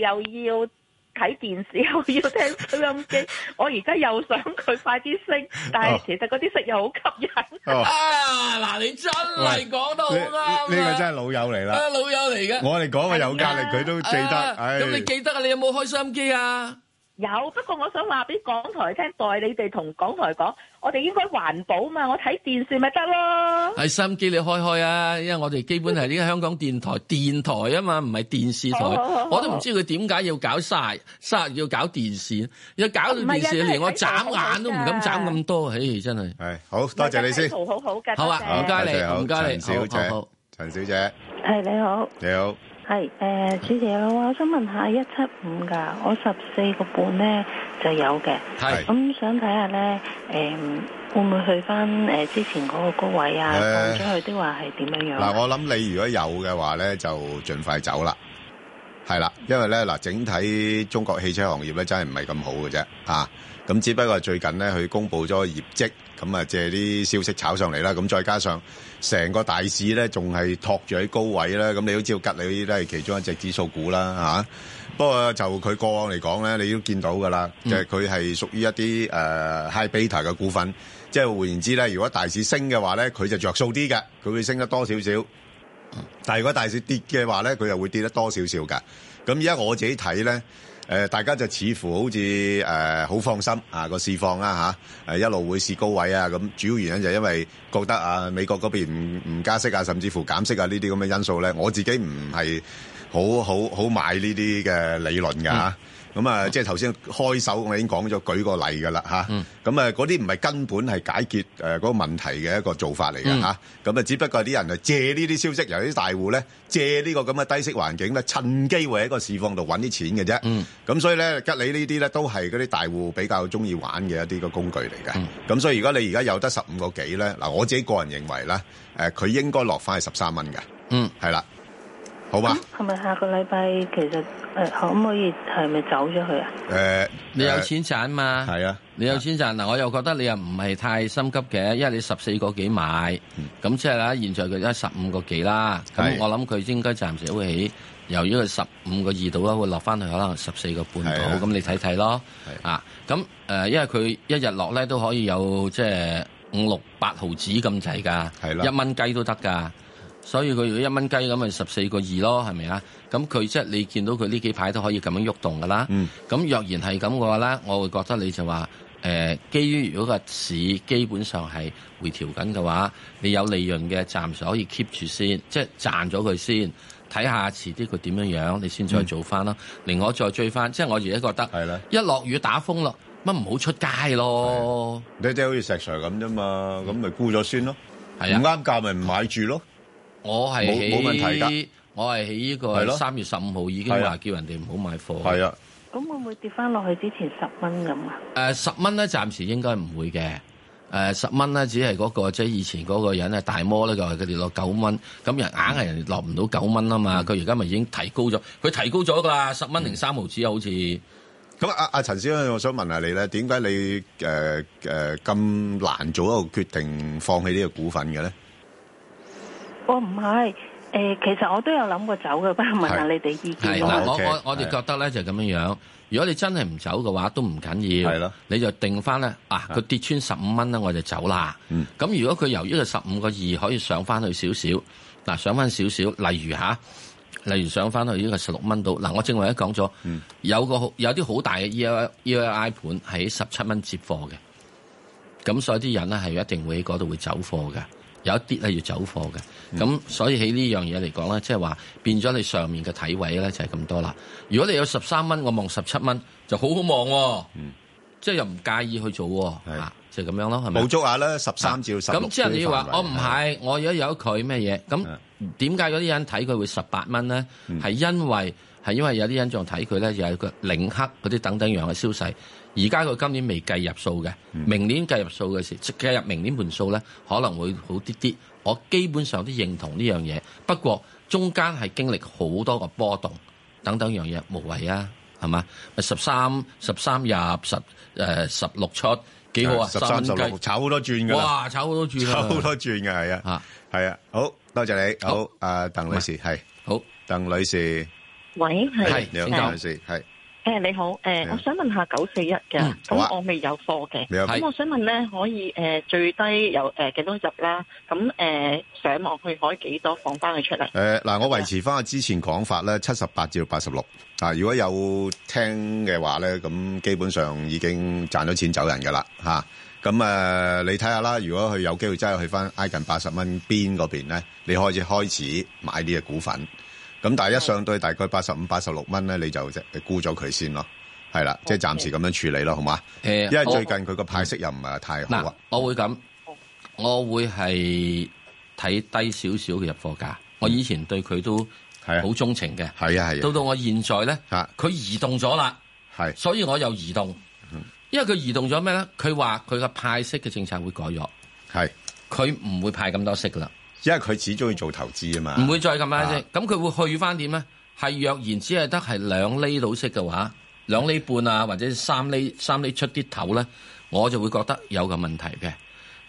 又要。睇電視又要聽收音機，我而家又想佢快啲升，但係其實嗰啲息又好吸引。啊，嗱，你真係講得好啱啦！呢、哎這個真係老友嚟啦、哎，老友嚟嘅。我哋講嘅有壓力，佢都記得。咁、哎、你記得啊？你有冇開收音機啊？有，不過我想話俾港台聽，代你哋同港台講。我哋應該環保嘛，我睇電視咪得咯。係收音機你開開啊，因為我哋基本係呢香港電台電台啊嘛，唔係電視台。 <music> 好好好，我都唔知佢點解要搞晒曬要搞電視，要搞到電視，啊、連我眨眼都唔敢眨咁多。唉、啊，真係、啊。好多謝，謝你先。好好㗎。好啊，唔該你，唔、嗯、該你，小姐。陳小姐，好好陳小姐、啊。你好。你好。係誒，主持人，我想問下一七五噶，我十四個半咧就有嘅。係咁想睇下咧，誒會唔會去翻誒之前嗰個高位啊？放咗佢啲話係點樣樣嗱？我諗你如果有嘅話咧，就盡快走啦。係啦，因為咧嗱，整體中國汽車行業咧真係唔係咁好嘅啫。啊，咁只不過最近咧佢公布咗業績。咁啊，借啲消息炒上嚟啦。咁再加上成個大市咧，仲係托住喺高位啦。咁你都知道，吉利嗰啲都係其中一隻指數股啦，嚇。不過就佢過往嚟講咧，你都見到㗎啦。即係佢係屬於一啲誒 high beta 嘅股份，即係換言之咧，如果大市升嘅話咧，佢就著數啲嘅，佢會升得多少少。但係如果大市跌嘅話咧，佢又會跌得多少少㗎。咁而家我自己睇咧。大家就似乎好似，誒好放心啊，個市況啦，一路會是高位啊。咁，主要原因就係因為覺得啊，美國嗰邊唔唔加息啊，甚至乎減息啊，呢啲咁嘅因素咧，我自己唔係好好好買呢啲嘅理論㗎。嗯咁啊，即係頭先開手我已經講咗舉個例噶啦吓，咁啊嗰啲唔係根本係解決誒嗰個問題嘅一個做法嚟嘅吓，咁、嗯、啊只不過啲人就借呢啲消息，由啲大戶咧借呢個咁嘅低息環境咧，趁機會喺個市況度揾啲錢嘅啫，咁所以咧吉利呢啲咧都係嗰啲大戶比較中意玩嘅一啲個工具嚟嘅，咁、嗯、所以如果你而家有得十五個幾咧，嗱我自己個人認為咧，誒佢應該落翻去十三蚊嘅，嗯係啦，好嘛，係咪下個禮拜其實？可唔可以係咪走咗去啊？誒、呃，你有錢賺嘛？係啊，你有錢賺嗱、啊，我又覺得你又唔係太心急嘅，因為你十四個幾買，咁、嗯、即係啦，現在佢而家十五個幾啦，咁、啊、我諗佢應該暫時會起，由於佢十五個二度啦，會落翻去可能十四個半度，咁、啊、你睇睇咯，啊，咁誒、啊，因為佢一日落咧都可以有即係五六八毫子咁滯噶，一蚊雞都得噶。所以佢如果一蚊雞咁咪十四個二咯，係咪啊？咁佢即係你見到佢呢幾排都可以咁樣喐動噶啦。咁、嗯、若然係咁嘅話咧，我會覺得你就話誒、呃，基於如果個市基本上係回調緊嘅話，你有利潤嘅暫時可以 keep 住先，即係賺咗佢先，睇下遲啲佢點樣樣，你先再做翻囉。嗯，另外再追翻，即係我而家覺得，係啦，一落雨打風咯，乜唔好出街咯。你即好似石 Sir 咁啫嘛，咁咪沽咗先咯，係啊，唔啱價咪唔買住咯。我係冇問題，我係起依個三月十五號已經話叫人哋唔好買貨。係啊，咁會唔會跌翻落去之前十蚊咁啊？誒十蚊咧，暫時應該唔會嘅。誒十蚊咧，只係嗰個即係以前嗰個人啊，大摩咧就係佢跌落九蚊，咁人硬係人哋落唔到九蚊啊嘛。佢而家咪已經提高咗，佢提高咗㗎啦，十蚊零三毫紙好似。咁阿阿陳先生，我想問下你咧，點解你誒誒咁難做一個決定放棄呢個股份嘅咧？我唔係，其實我都有諗過走嘅，不如問下你哋意見。係嗱、okay，我我我哋覺得咧就咁樣樣。如果你真係唔走嘅話，都唔緊要。係咯，你就定翻咧啊，佢跌穿十五蚊咧，我就走啦。咁如果佢由呢個十五個二可以上翻去少少，嗱，上翻少少，例如下、啊，例如上翻去呢個十六蚊度。嗱，我正話一講咗，有個好有啲好大嘅 E L I 盤喺十七蚊接貨嘅，咁所以啲人咧係一定會喺嗰度會走貨嘅。有一啲係要走貨嘅，咁、嗯、所以喺呢樣嘢嚟講咧，即係話變咗你上面嘅體位咧就係咁多啦。如果你有十三蚊，我望十七蚊就好好望、哦，嗯，即係又唔介意去做、哦，係就咁樣咯，冇足下啦，十三至到十六。咁即係你話我唔係，我而家有佢咩嘢？咁點解嗰啲人睇佢會十八蚊咧？係因為係、嗯、因為有啲人仲睇佢咧，有個領克嗰啲等等樣嘅消息。而家佢今年未計入數嘅，明年計入數嘅時計入明年盤數咧，可能會好啲啲。我基本上都認同呢樣嘢，不過中間係經歷好多個波動等等這樣嘢，無謂啊，係嘛？咪十三十三入十誒十六出，幾好啊？十三十六，炒好多轉㗎哇，炒好多轉！炒好多轉㗎，係啊，係啊，啊，好多謝你，好啊、呃，鄧女士係好，鄧女士，喂，係鄧女士係。誒、欸、你好，誒、欸嗯、我想問下九四一嘅，咁、嗯啊、我未有貨嘅，咁我想問咧可以誒、呃、最低有誒、呃、幾多集啦？咁誒、呃、上網去可以幾多放翻佢出嚟？誒、欸、嗱，我維持翻我之前講法咧，七十八至八十六啊！如果有聽嘅話咧，咁基本上已經賺咗錢走人㗎啦吓，咁啊，呃、你睇下啦，如果佢有機會真係去翻挨近八十蚊邊嗰邊咧，你可以開始買呢個股份。咁但係一上到大概八十五、八十六蚊咧，你就即係沽咗佢先咯，係啦，即係暫時咁樣處理咯，好嘛、呃？因為最近佢個派息又唔係太好，嗯嗯。我會咁，我會係睇低少少嘅入貨價，嗯。我以前對佢都係好鍾情嘅，係啊係。到到我現在咧，吓佢移動咗啦，係，所以我又移動。嗯、因為佢移動咗咩咧？佢話佢嘅派息嘅政策會改咗，係，佢唔會派咁多息噶啦。因為佢始終要做投資啊嘛，唔會再咁樣啊！即咁，佢會去翻點咧？係若然只係得係兩厘到息嘅話，兩厘半啊，或者三厘、三厘出啲頭咧，我就會覺得有個問題嘅。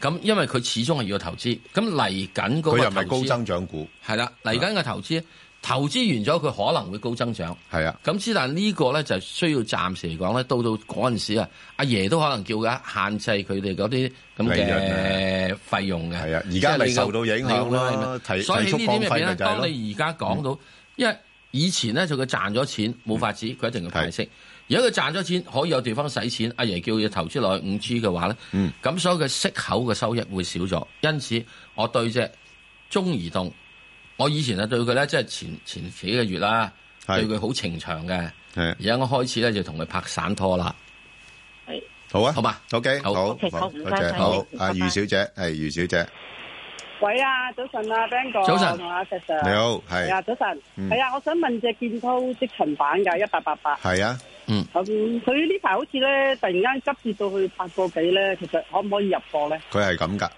咁因為佢始終係要投資，咁嚟緊嗰個佢又係高增長股，係啦，嚟緊嘅投資。啊投資完咗，佢可能會高增長，係啊。咁之但係呢個咧就需要暫時嚟講咧，到到嗰陣時啊，阿爺，爺都可能叫佢限制佢哋嗰啲咁嘅費用嘅。係啊，而家、啊、未受到影響啦、就係。所以呢啲嘢咧，當你而家講到、嗯，因為以前咧就佢賺咗錢冇法子，佢、嗯、一定要派息。如果佢賺咗錢，可以有地方使錢，阿爺，爺叫佢投資落去五 G 嘅話咧，咁、嗯、所以佢息口嘅收益會少咗。因此，我對隻中移動。我以前啊對佢咧，即係前前幾個月啦，對佢好情長嘅。而家我開始咧就同佢拍散拖啦。係好啊，好嘛，OK，好，好，好，阿余小姐，係余小姐。喂啊，早晨啊，Ben 哥，Bango, 早晨，你好，係啊，早晨，係啊，我想問隻建滔積層板噶，一八八八，係啊，嗯，咁佢呢排好似咧突然間急跌到去八個幾咧，其實可唔可以入貨咧？佢係咁噶。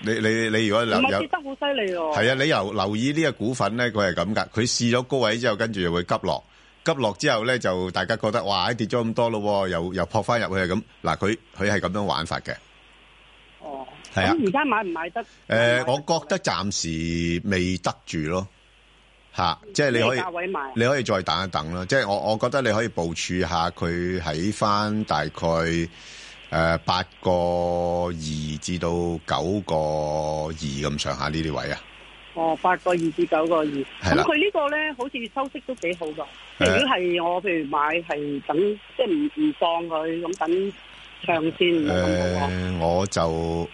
你你你如果留唔，跌得好犀利哦！係啊，你留留意呢個股份咧，佢係咁噶。佢試咗高位之後，跟住就會急落，急落之後咧，就大家覺得哇，跌咗咁多咯，又又撲翻入去咁。嗱，佢佢係咁樣玩法嘅。哦，係啊。而家買唔買得？誒、呃，我覺得暫時未得住咯。吓、啊，即係你可以你可以再等一等咯。即係我我覺得你可以部署下佢喺翻大概。誒、呃，八個二至到九個二咁上下呢啲位啊？哦，八個二至九個二。係啦。咁佢呢個咧，好似收息都幾好噶。如果係我，譬如買係等，即係唔唔放佢咁等長線咁好啊？誒，我就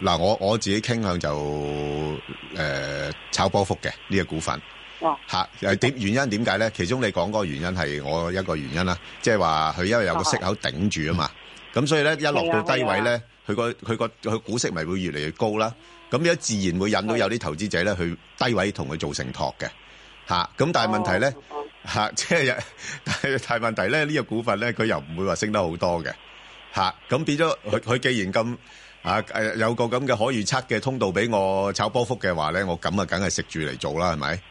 嗱、呃，我我自己傾向就誒、呃、炒波幅嘅呢、這個股份。哦。吓、啊，點原因點解咧？其中你講嗰個原因係我一個原因啦，即係話佢因為有個息口頂住啊嘛。啊嗯咁所以咧，一落到低位咧，佢個佢個佢股息咪會越嚟越高啦。咁樣自然會引到有啲投資者咧去低位同佢做承托嘅，嚇。咁但係問題咧，嚇即係但係問題咧，呢個股份咧佢又唔會話升得好多嘅，嚇。咁變咗佢佢既然咁啊誒有個咁嘅可預測嘅通道俾我炒波幅嘅話咧，我咁啊梗係食住嚟做啦，係咪？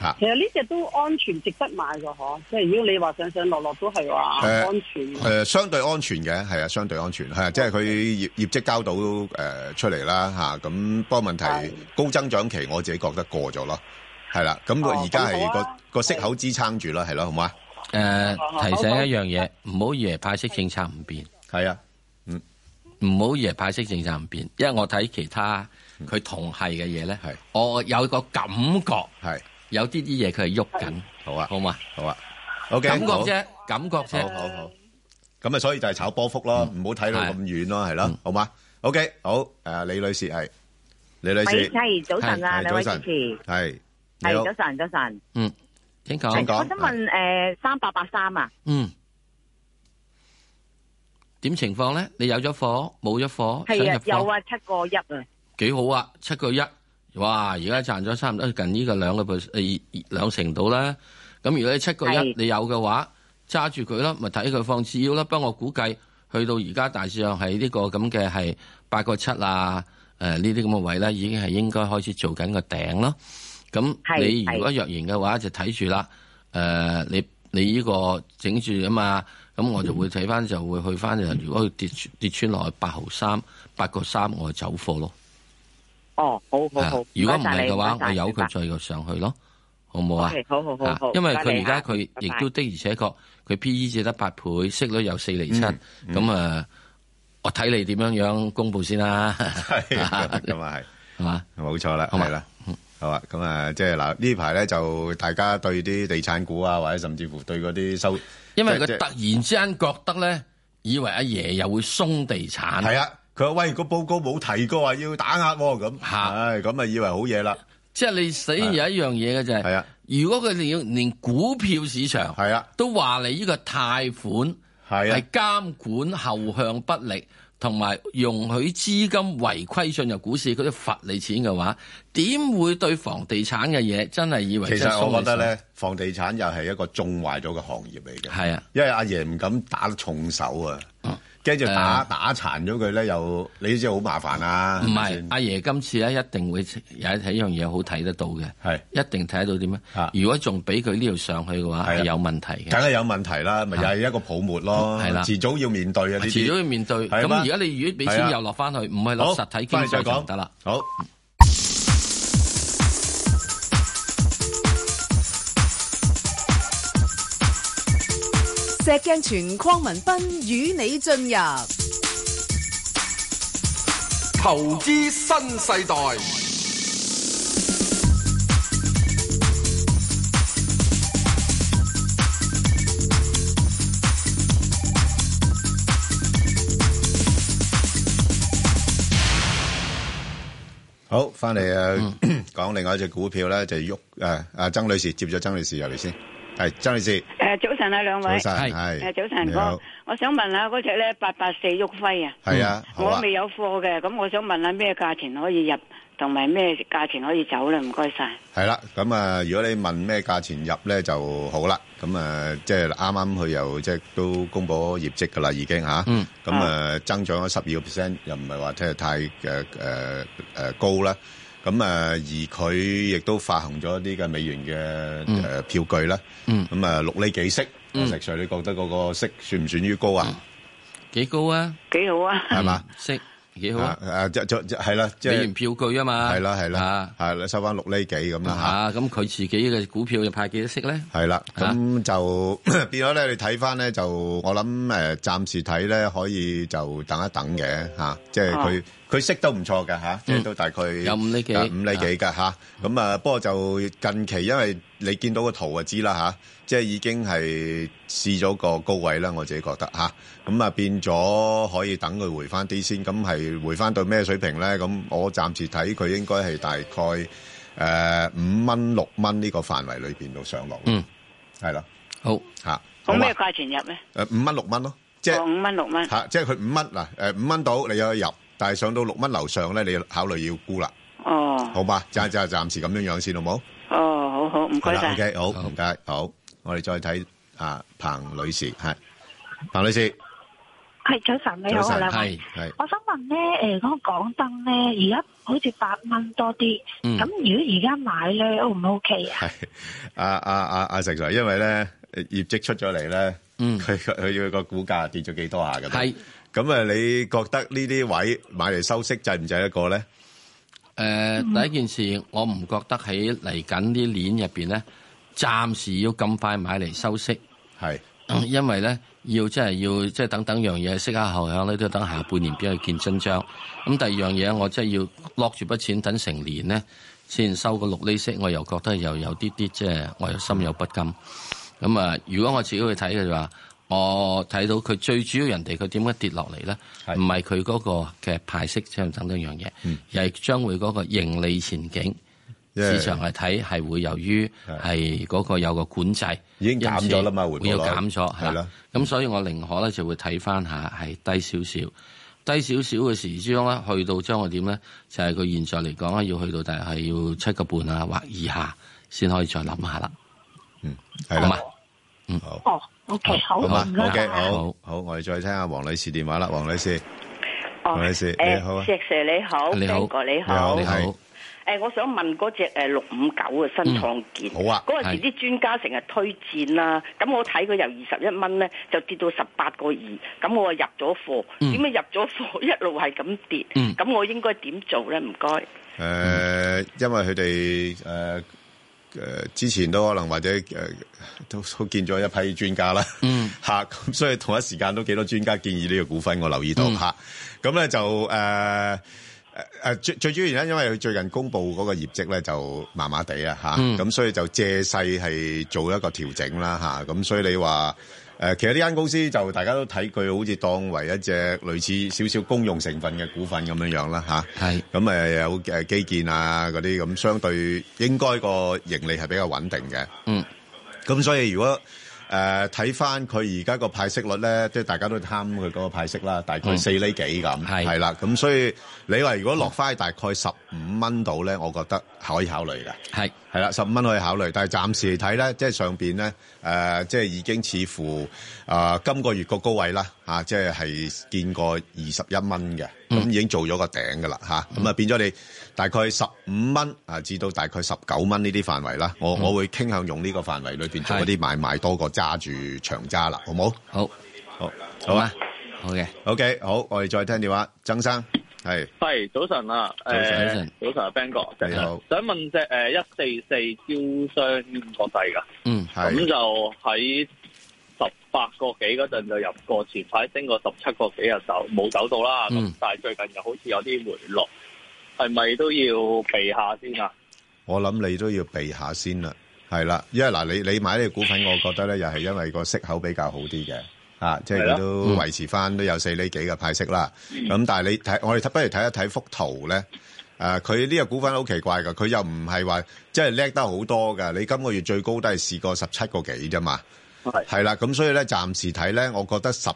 吓、啊，其實呢隻都安全，值得買嘅嗬。即、就、係、是、如果你話上上落落都係話、啊、安全，誒，相對安全嘅，係啊，相對安全係啊。是啊 okay. 即係佢業業績交到誒、呃、出嚟啦，吓咁、啊。不過問題、啊、高增長期，我自己覺得過咗咯，係啦、啊。咁佢而家係個、哦啊、個,個息口支撐住啦，係咯、啊，好唔好啊？誒、呃，提醒一樣嘢，唔好以為派息政策唔變。係啊，嗯，唔好以為派息政策唔變，因為我睇其他佢同係嘅嘢咧，係、嗯、我有一個感覺係。有啲啲嘢佢係喐緊。好啊，好嘛，好啊，感覺啫，感覺啫。好好好，咁啊，所以就係炒波幅咯，唔好睇到咁遠咯，係咯，好嘛，OK，好，誒，李女士係，李女士係，早晨啊，兩位主持，係，係早晨，早晨，嗯，請講請講，我想問誒，三八八三啊，嗯，點情況咧？你有咗貨，冇咗貨？係啊，有啊，七個一啊，幾好啊，七個一。哇！而家賺咗差唔多近呢個兩個倍，兩成度啦。咁如果你七個一你有嘅話，揸住佢咯，咪睇佢放招啦。不過我估計去到而家大致上係呢、這個咁嘅係八個七啊，誒呢啲咁嘅位咧，已經係應該開始做緊個頂咯。咁你如果若然嘅話，就睇住啦。誒、呃，你你呢個整住啊嘛，咁我就會睇翻就會去翻、嗯。如果佢跌跌穿落去八毫三、八個三，我就走貨咯。哦，好好好，如果唔係嘅話，謝謝我由佢再個上去咯，好唔好啊？好好好,好,好,好,好，因為佢而家佢亦都的而且確，佢 P E 只得八倍，息率有四厘七，咁、嗯、啊，我睇你點樣樣公布先啦、啊。咁啊係，係 <laughs> 嘛，冇錯啦，好咪啦？係嘛，咁啊，即係嗱，呢排咧就大家對啲地產股啊，或者甚至乎對嗰啲收，因為佢、就是、突然之間覺得咧，以為阿爺又會鬆地產。係啊。喂，個報告冇提過話要打壓咁樣，咁咪、啊哎、以為好嘢啦。即係你死有一樣嘢嘅就係，如果佢連連股票市場、啊、都話你呢個貸款係監管後向不力，同埋、啊、容許資金違規進入股市，佢都罰你錢嘅話，點會對房地產嘅嘢真係以為？其實我覺得呢，房地產又係一個縱壞咗嘅行業嚟嘅、啊，因為阿爺唔敢打重手啊。跟住打打殘咗佢咧，又你知好麻煩啊！唔係，阿爺今次咧一定會有睇呢樣嘢好睇得到嘅。係，一定睇得到點啊？如果仲俾佢呢度上去嘅話，係、啊、有問題嘅。梗係有問題啦，咪又係一個泡沫咯。係啦、啊，遲早要面對嘅、啊啊。遲早要面對。係咁而家你如果俾錢又落翻去，唔係落實體經、經濟再講就得啦。好。石鏡泉鄺文斌與你進入投資新世代。好，翻嚟啊，講 <coughs> 另外一隻股票咧，就喐、係、誒，阿曾女士接咗，曾女士入嚟先。係張女士，誒，早晨啊，兩位，早晒。係，誒，早晨，我我想問下嗰隻咧，八八四旭輝啊，係啊，我未有貨嘅，咁我想問下咩價錢可以入，同埋咩價錢可以走咧？唔該晒。係啦，咁啊，如果你問咩價錢入咧就好啦，咁啊，即係啱啱佢又即係都公布業績噶啦，已經吓，咁啊增長咗十二個 percent，又唔係話真係太誒誒誒高啦。咁誒，而佢亦都發行咗啲嘅美元嘅誒票據啦，咁誒六釐幾息，石穗，你覺得嗰個息算唔算於高啊？幾高啊？幾好啊？係嘛？息幾好啊？誒，就就係啦，美元票據啊嘛，係啦係啦，係收翻六釐幾咁啦嚇。啊，咁佢自己嘅股票就派幾多息咧？係啦，咁就變咗咧，你睇翻咧，就我諗誒，暫時睇咧可以就等一等嘅嚇，即係佢。佢息都唔錯㗎，即係都大概有五厘幾，五、嗯、厘幾㗎，吓、啊、咁啊，不過就近期，因為你見到個圖就知啦吓、啊、即係已經係試咗個高位啦。我自己覺得吓咁啊變咗可以等佢回翻啲先。咁係回翻到咩水平咧？咁我暫時睇佢應該係大概誒五蚊六蚊呢個範圍裏邊度上落。嗯，係啦，好嚇。咁、嗯、咩價錢入咧？五蚊六蚊咯，即係五蚊六蚊吓即係佢五蚊嗱五蚊到你有得入。但係上到六蚊樓上咧，你要考慮要沽啦。哦、oh.，好吧，揸揸暫時咁樣樣先，好冇？哦、oh,，好好，唔該晒。好，O K，好，唔、oh. 該，好。我哋再睇阿、啊、彭女士，係彭女士，係早晨，你好，你好，係係。我想問咧，誒、呃，嗰個港燈咧，而家好似八蚊多啲，咁如果而家買咧，O 唔 O K 啊？係，啊啊阿阿、啊、成 Sir，因為咧業績出咗嚟，咧，佢佢佢個股價跌咗幾多下噶。係。咁啊，你覺得呢啲位買嚟收息值得，值唔值得過？咧？誒，第一件事，我唔覺得喺嚟緊啲年入邊咧，暫時要咁快買嚟收息，係、嗯，因為咧要，要即係要即係等等樣嘢，息下後向咧都要等下半年畀佢見真章。咁、嗯、第二樣嘢，我即係要 lock 住筆錢等成年咧，先收個六厘息，我又覺得又有啲啲即係，我又心有不甘。咁、嗯、啊，如果我自己去睇嘅話。我睇到佢最主要人哋佢點解跌落嚟咧？唔係佢嗰個嘅派息，將等等樣嘢、嗯，而係將會嗰個盈利前景、yeah. 市場嚟睇，係會由於係嗰個有個管制已經減咗啦嘛，匯率會減咗係啦。咁所以我寧可咧就會睇翻下係低少少、嗯，低少少嘅時鐘咧去到將會點咧？就係、是、佢現在嚟講要去到大概係要七個半啊或以下先可以再諗下啦。嗯，係啦嘛，嗯好。O、okay, K 好，好 o、okay, K 好，好，好，好，我哋再聽下黃女士電話啦。黃女士，哦、黃女士，欸，你，好啊、石 Sir, 你好，石 s i 好你好，你好，你好，你好。誒、欸，我想問嗰隻誒六五九嘅新創建、嗯，好啊。嗰陣時啲專家成日推薦啦，咁我睇佢由二十一蚊咧就跌到十八個二，咁我入咗貨，點、嗯、解入咗貨一路係咁跌？咁、嗯、我應該點做咧？唔該。誒、嗯呃，因為佢哋誒。呃誒、呃、之前都可能或者誒、呃、都都見咗一批專家啦，咁、嗯啊、所以同一時間都幾多專家建議呢個股份，我留意到，咁咧、嗯啊、就誒最、呃啊、最主要呢，因為佢最近公布嗰個業績咧就麻麻地啊咁、嗯、所以就借勢係做一個調整啦咁、啊、所以你話。誒，其實呢間公司就大家都睇佢好似當為一隻類似少少公用成分嘅股份咁樣樣啦，嚇。係。咁誒有誒基建啊嗰啲咁，相對應該個盈利係比較穩定嘅。嗯。咁所以如果誒睇翻佢而家個派息率咧，即係大家都貪佢嗰個派息啦，大概四厘幾咁，係係啦。咁所以你話如果落翻大概十五蚊度咧，我覺得。可以考慮嘅，係係啦，十五蚊可以考慮，但係暫時嚟睇咧，即係上邊咧，誒、呃，即係已經似乎啊、呃，今個月個高位啦、啊，即係見過二十一蚊嘅，咁、嗯、已經做咗個頂㗎啦，嚇、啊，咁、嗯、啊變咗你大概十五蚊啊至到大概十九蚊呢啲範圍啦、嗯，我我會傾向用呢個範圍裏邊做啲買賣多過揸住長揸啦，好冇好？好好好啊，好嘅，OK，好，我哋再聽電話，曾生。係，係早晨啊！早晨，早晨，早晨啊，Ben 哥，你好。想問隻誒一四四招商國際噶，嗯，咁就喺十八個幾嗰陣就入過，前排升過十七個幾又走，冇走到啦。咁、嗯、但係最近又好似有啲回落，係咪都要避下先啊？我諗你都要避下先啦，係啦，因為嗱，你你買呢個股份，我覺得咧又係因為個息口比較好啲嘅。啊，即係佢都維持翻都有四厘幾嘅派息啦。咁、嗯、但係你睇，我哋不如睇一睇幅圖咧。誒、呃，佢呢個股份好奇怪㗎，佢又唔係話即係叻得好多㗎。你今個月最高都係試過十七個幾啫嘛。係啦，咁所以咧，暫時睇咧，我覺得十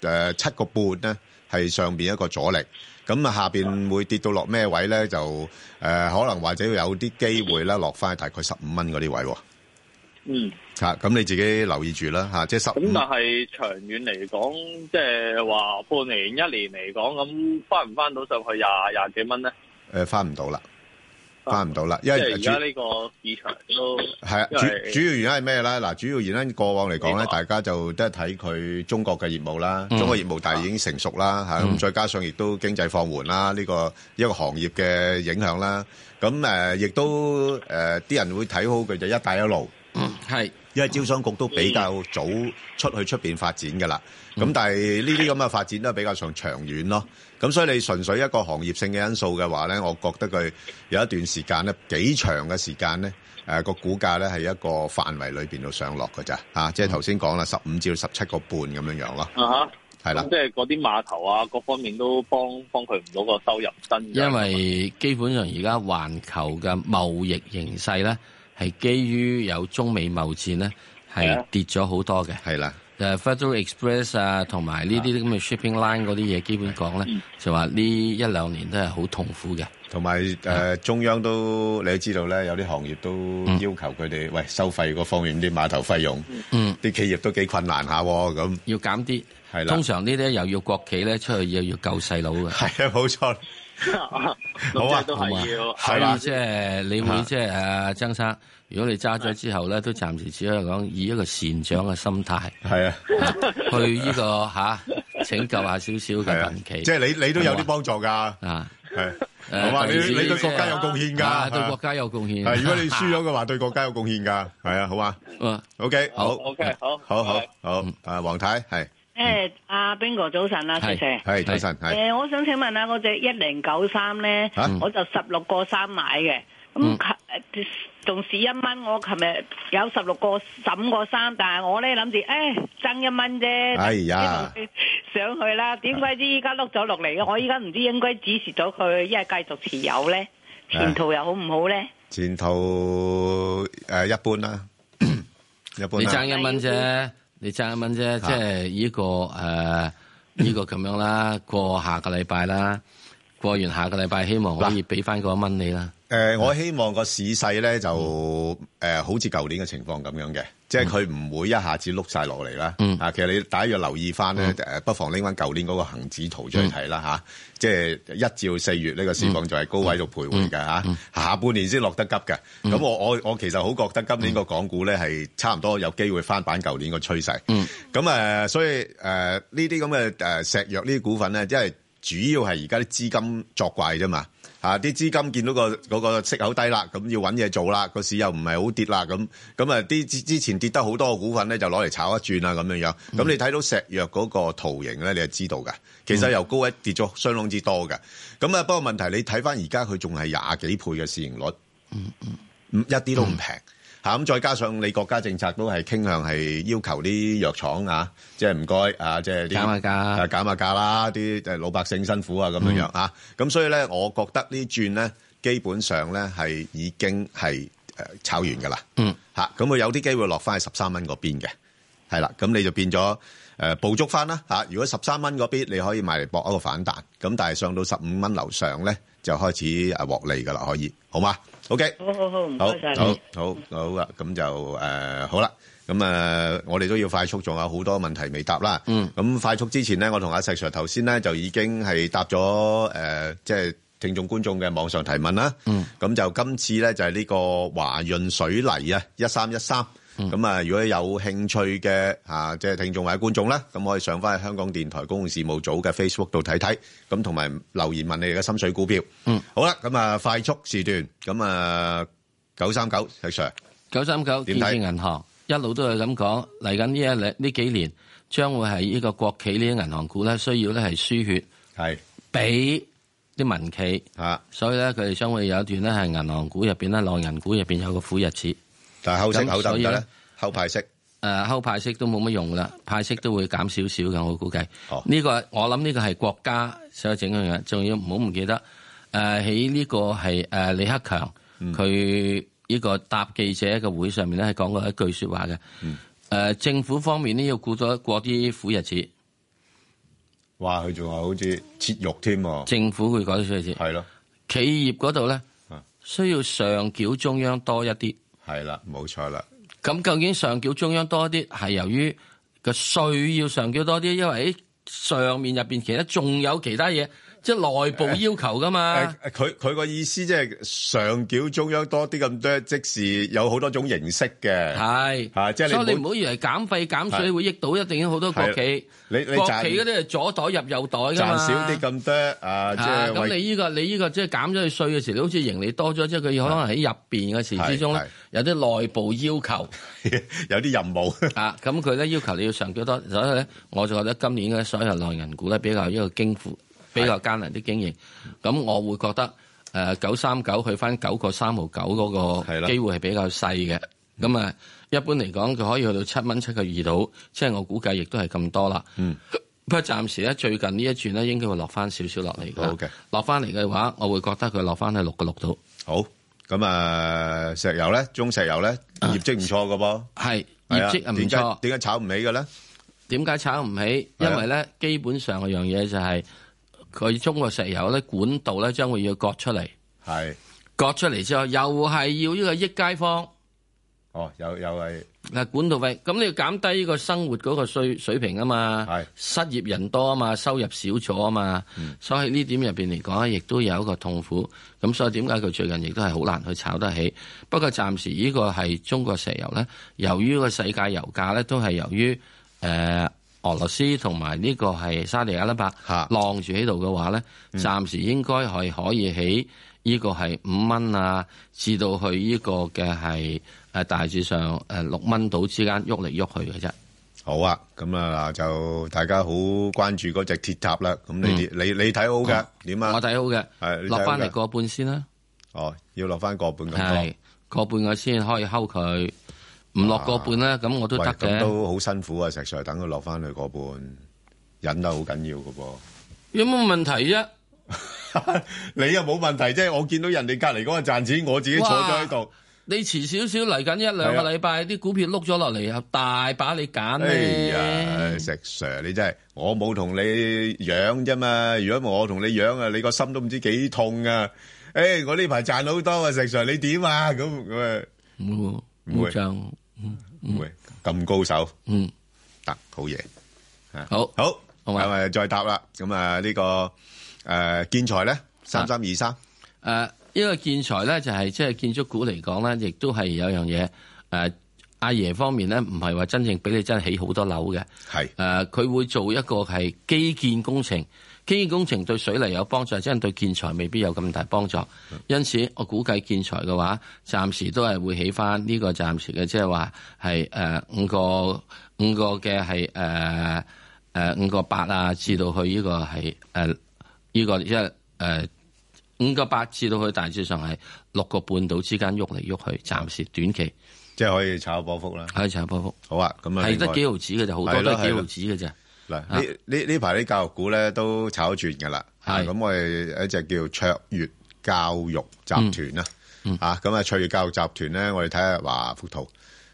誒七個半咧係上面一個阻力。咁啊，下邊會跌到落咩位咧？就誒可能或者有啲機會咧，落翻大概十五蚊嗰啲位喎。嗯吓，咁、啊、你自己留意住啦吓，即係十。咁但係長遠嚟講，即係話半年、一年嚟講，咁翻唔翻到上去廿廿幾蚊咧？誒、啊，翻唔到啦，翻唔到啦，因為而家呢個市場都係啊，就是、啊，主主要原因係咩咧？嗱，主要原因過往嚟講咧，大家就都係睇佢中國嘅業務啦、嗯，中國業務但係已經成熟啦吓，咁、嗯嗯、再加上亦都經濟放緩啦、呢、呢個一、呢個行業嘅影響啦，咁誒亦都誒啲、啊、人會睇好佢就一帶一路。嗯，係，因為招商局都比較早出去出邊發展噶啦，咁、嗯、但係呢啲咁嘅發展都係比較上長遠咯。咁所以你純粹一個行業性嘅因素嘅話咧，我覺得佢有一段時間咧，幾長嘅時間咧，誒、啊、個股價咧係一個範圍裏邊度上落噶咋、啊，即係頭先講啦，十五至十七個半咁樣樣咯。啊哈，係啦、嗯，即係嗰啲碼頭啊，各方面都幫幫佢唔到個收入。因為基本上而家環球嘅貿易形勢咧。係基於有中美貿戰咧，係跌咗好多嘅。係啦，誒 Federal Express 啊，同埋呢啲咁嘅 shipping line 嗰啲嘢，基本講咧，就話呢一兩年都係好痛苦嘅。同埋、呃、中央都你都知道咧，有啲行業都要求佢哋、mm. 喂，收費嗰方面啲碼頭費用，嗯，啲企業都幾困難下、啊、喎，咁要減啲係啦。通常呢啲又要國企咧出去又要救細佬嘅，係 <laughs> 啊，冇錯。 <laughs> 是是好啊，都係要係啦，即係、就是、你會即係誒，曾、啊啊、生，如果你揸咗之後咧，都暫時只可以講以一個善長嘅心態，係啊，啊，去呢、這個吓、啊、請教下少少嘅近期，即係、啊就是、你你都有啲幫助噶，啊，係，好啊，啊你啊你，啊你對國家有貢獻噶，對國家有貢獻，如果你輸咗嘅話，對國家有貢獻噶，係啊，好嘛，OK，好，OK，好，好好好，啊，黃太係。對對對誒、欸，阿冰哥早晨啦，謝謝。係早晨。誒、呃，我想請問下嗰隻一零九三咧，我就十六個三買嘅，咁仲蝕一蚊。我琴日有十六個十五個三，但係我咧諗住誒，爭一蚊啫，哎、呀上去啦。點解知依家碌咗落嚟嘅？我依家唔知應該止蝕咗佢，一係繼續持有咧？前途又好唔好咧？前途誒、呃，一般啦，一般。你爭一蚊啫。你爭一蚊啫，即係呢個誒，呢個咁樣啦，過下個禮拜啦，過完下個禮拜希望可以俾翻個一蚊你啦。誒，我希望個市勢咧就誒，好似舊年嘅情況咁樣嘅，即係佢唔會一下子碌晒落嚟啦。啊、嗯，其實你大約留意翻咧，誒、嗯，不妨拎翻舊年嗰個恒指圖出去睇啦吓。即係一至四月呢個市況就係高位度徘徊嘅吓、嗯嗯，下半年先落得急嘅。咁、嗯、我我我其實好覺得今年個港股咧係差唔多有機會翻版舊年個趨勢。咁、嗯、誒，所以誒呢啲咁嘅誒石藥呢啲股份咧，即係主要係而家啲資金作怪啫嘛。啊！啲資金見到個嗰個息口低啦，咁要搵嘢做啦，個市又唔係好跌啦，咁咁啊啲之前跌得好多嘅股份咧，就攞嚟炒一轉啦咁樣樣。咁你睇到石藥嗰個圖形咧，你就知道㗎。其實由高位跌咗相當之多嘅。咁啊，不過問題你睇翻而家佢仲係廿幾倍嘅市盈率，嗯嗯，一啲都唔平。咁再加上你國家政策都係傾向係要求啲藥廠啊，即係唔該啊，即係啲減下價，啊、減下價啦，啲老百姓辛苦啊咁樣、嗯、啊，咁所以咧，我覺得呢轉咧基本上咧係已經係誒炒完㗎啦。嗯，咁、啊、佢有啲機會落翻去十三蚊嗰邊嘅，係啦，咁你就變咗誒捕捉翻啦。如果十三蚊嗰邊你可以買嚟搏一個反彈，咁但係上到十五蚊樓上咧就開始誒獲利㗎啦，可以，好嗎？OK，好好好，唔該曬你，好好好啦，咁就誒好啦，咁誒我哋都要快速，仲有好多問題未答啦。嗯，咁快速之前咧，我同阿石 Sir 頭先咧就已經係答咗誒，即係聽眾觀眾嘅網上提問啦。嗯，咁就今次咧就係呢個華潤水泥啊，一三一三。咁啊，如果有興趣嘅嚇，即係聽眾或者觀眾咧，咁可以上翻去香港電台公共事務組嘅 Facebook 度睇睇，咁同埋留言問你哋嘅心水股票。嗯，好啦，咁啊，快速時段，咁啊，九三九，Eric Sir，九三九點解銀行一路都係咁講，嚟緊呢一嚟呢幾年將會係呢個國企呢啲銀行股咧，需要咧係輸血，係俾啲民企嚇，所以咧佢哋將會有一段咧係銀行股入邊咧、內銀股入邊有個苦日子。但係後升後等嘅咧，後派息誒、啊，後派息都冇乜用啦。派息都會減少少嘅，我估計呢、哦這個我諗呢個係國家所整嘅嘢，仲要唔好唔記得誒。喺、啊、呢個係誒、啊、李克強佢呢個答記者嘅會上面咧，係講過一句說話嘅誒、嗯啊，政府方面呢要顧咗過啲苦日子。哇！佢仲話好似切肉添，政府會講啲衰事係咯，企業嗰度咧需要上繳中央多一啲。係啦，冇錯啦。咁究竟上繳中央多啲，係由於個稅要上繳多啲，因為上面入面其實仲有其他嘢。即係內部要求㗎嘛？佢佢個意思即係上繳中央多啲咁多，即係有好多種形式嘅。係、啊，即係你唔好以，以為減費減稅會益到一定好多國企。你，你國企嗰啲係左袋入右袋㗎嘛？賺少啲咁多啊！即係咁你呢、這個你呢、這個即係、就是、減咗去稅嘅時候，你好似盈利多咗，即係佢可能喺入邊嘅時之中咧，有啲內部要求， <laughs> 有啲任務啊。咁佢咧要求你要上繳多，所以咧，我就覺得今年嘅所有內銀股咧比較一個經庫。比較艱難啲經營，咁我會覺得誒九三九去翻九個三毫九嗰個機會係比較細嘅。咁啊、嗯，一般嚟講佢可以去到七蚊七個二到，即係我估計亦都係咁多啦。嗯，不過暫時咧最近呢一轉咧，應該會落翻少少落嚟嘅。落翻嚟嘅話，我會覺得佢落翻去六個六度。好咁啊，石油咧，中石油咧業績唔錯㗎噃，係業績唔錯。點解炒唔起嘅咧？點解炒唔起？因為咧，基本上嗰樣嘢就係、是。佢中國石油咧管道咧將會要割出嚟，係割出嚟之後又係要呢個益街坊，哦，又又係嗱管道費，咁你要減低呢個生活嗰個水平啊嘛，係失業人多啊嘛，收入少咗啊嘛，嗯，所以呢點入面嚟講咧，亦都有一個痛苦。咁所以點解佢最近亦都係好難去炒得起？不過暫時呢個係中國石油咧，由於個世界油價咧都係由於誒。呃俄羅斯同埋呢個係沙地亞拉伯晾住喺度嘅話咧，暫、嗯、時應該係可以喺呢個係五蚊啊，至到去呢個嘅係誒大致上誒六蚊到之間喐嚟喐去嘅啫。好啊，咁啊就大家好關注嗰隻鐵塔啦。咁你、嗯、你你睇好嘅點啊？我睇好嘅，係落翻嚟個半先啦。哦，要落翻個半咁多，個半我先可以溝佢。唔落個半啦，咁、啊、我都得嘅。都好辛苦啊，石 Sir，等佢落翻去個半，忍得好緊要噶噃。有冇問題啫、啊？ <laughs> 你又冇問題、啊，即係我見到人哋隔籬嗰個賺錢，我自己坐咗喺度。你遲少少嚟緊一兩個禮拜，啲、啊、股票碌咗落嚟，大把你揀。哎呀，石 Sir，你真係，我冇同你養啫嘛。如果我同你養啊，你個心都唔知幾痛啊。誒、哎，我呢排賺好多啊，石 Sir，你點啊？咁咁啊？唔會嗯，唔會、嗯、咁高手，嗯，得好嘢，好好，我咪再答啦。咁啊呢個誒建材咧，三三二三。誒、呃，呢個建材咧就係即係建築股嚟講咧，亦都係有樣嘢誒。呃阿爺方面咧，唔係話真正俾你真係起好多樓嘅。係，誒、啊，佢會做一個係基建工程。基建工程對水泥有幫助，真係對建材未必有咁大幫助。因此，我估計建材嘅話，暫時都係會起翻呢個暫時嘅，即係話係誒五個五個嘅係誒誒五個八啊，至到去呢個係誒呢個一、就、誒、是啊、五個八至到去，大致上係六個半度之間喐嚟喐去，暫時短期。即係可以炒波幅啦，係炒波幅，好啊，咁啊，係得幾毫子嘅就，好多都幾毫子嘅啫。嗱，呢呢呢排啲教育股咧都炒轉噶啦，咁我哋一隻叫卓越教育集團啦，咁、嗯嗯、啊卓越教育集團咧，我哋睇下華福圖、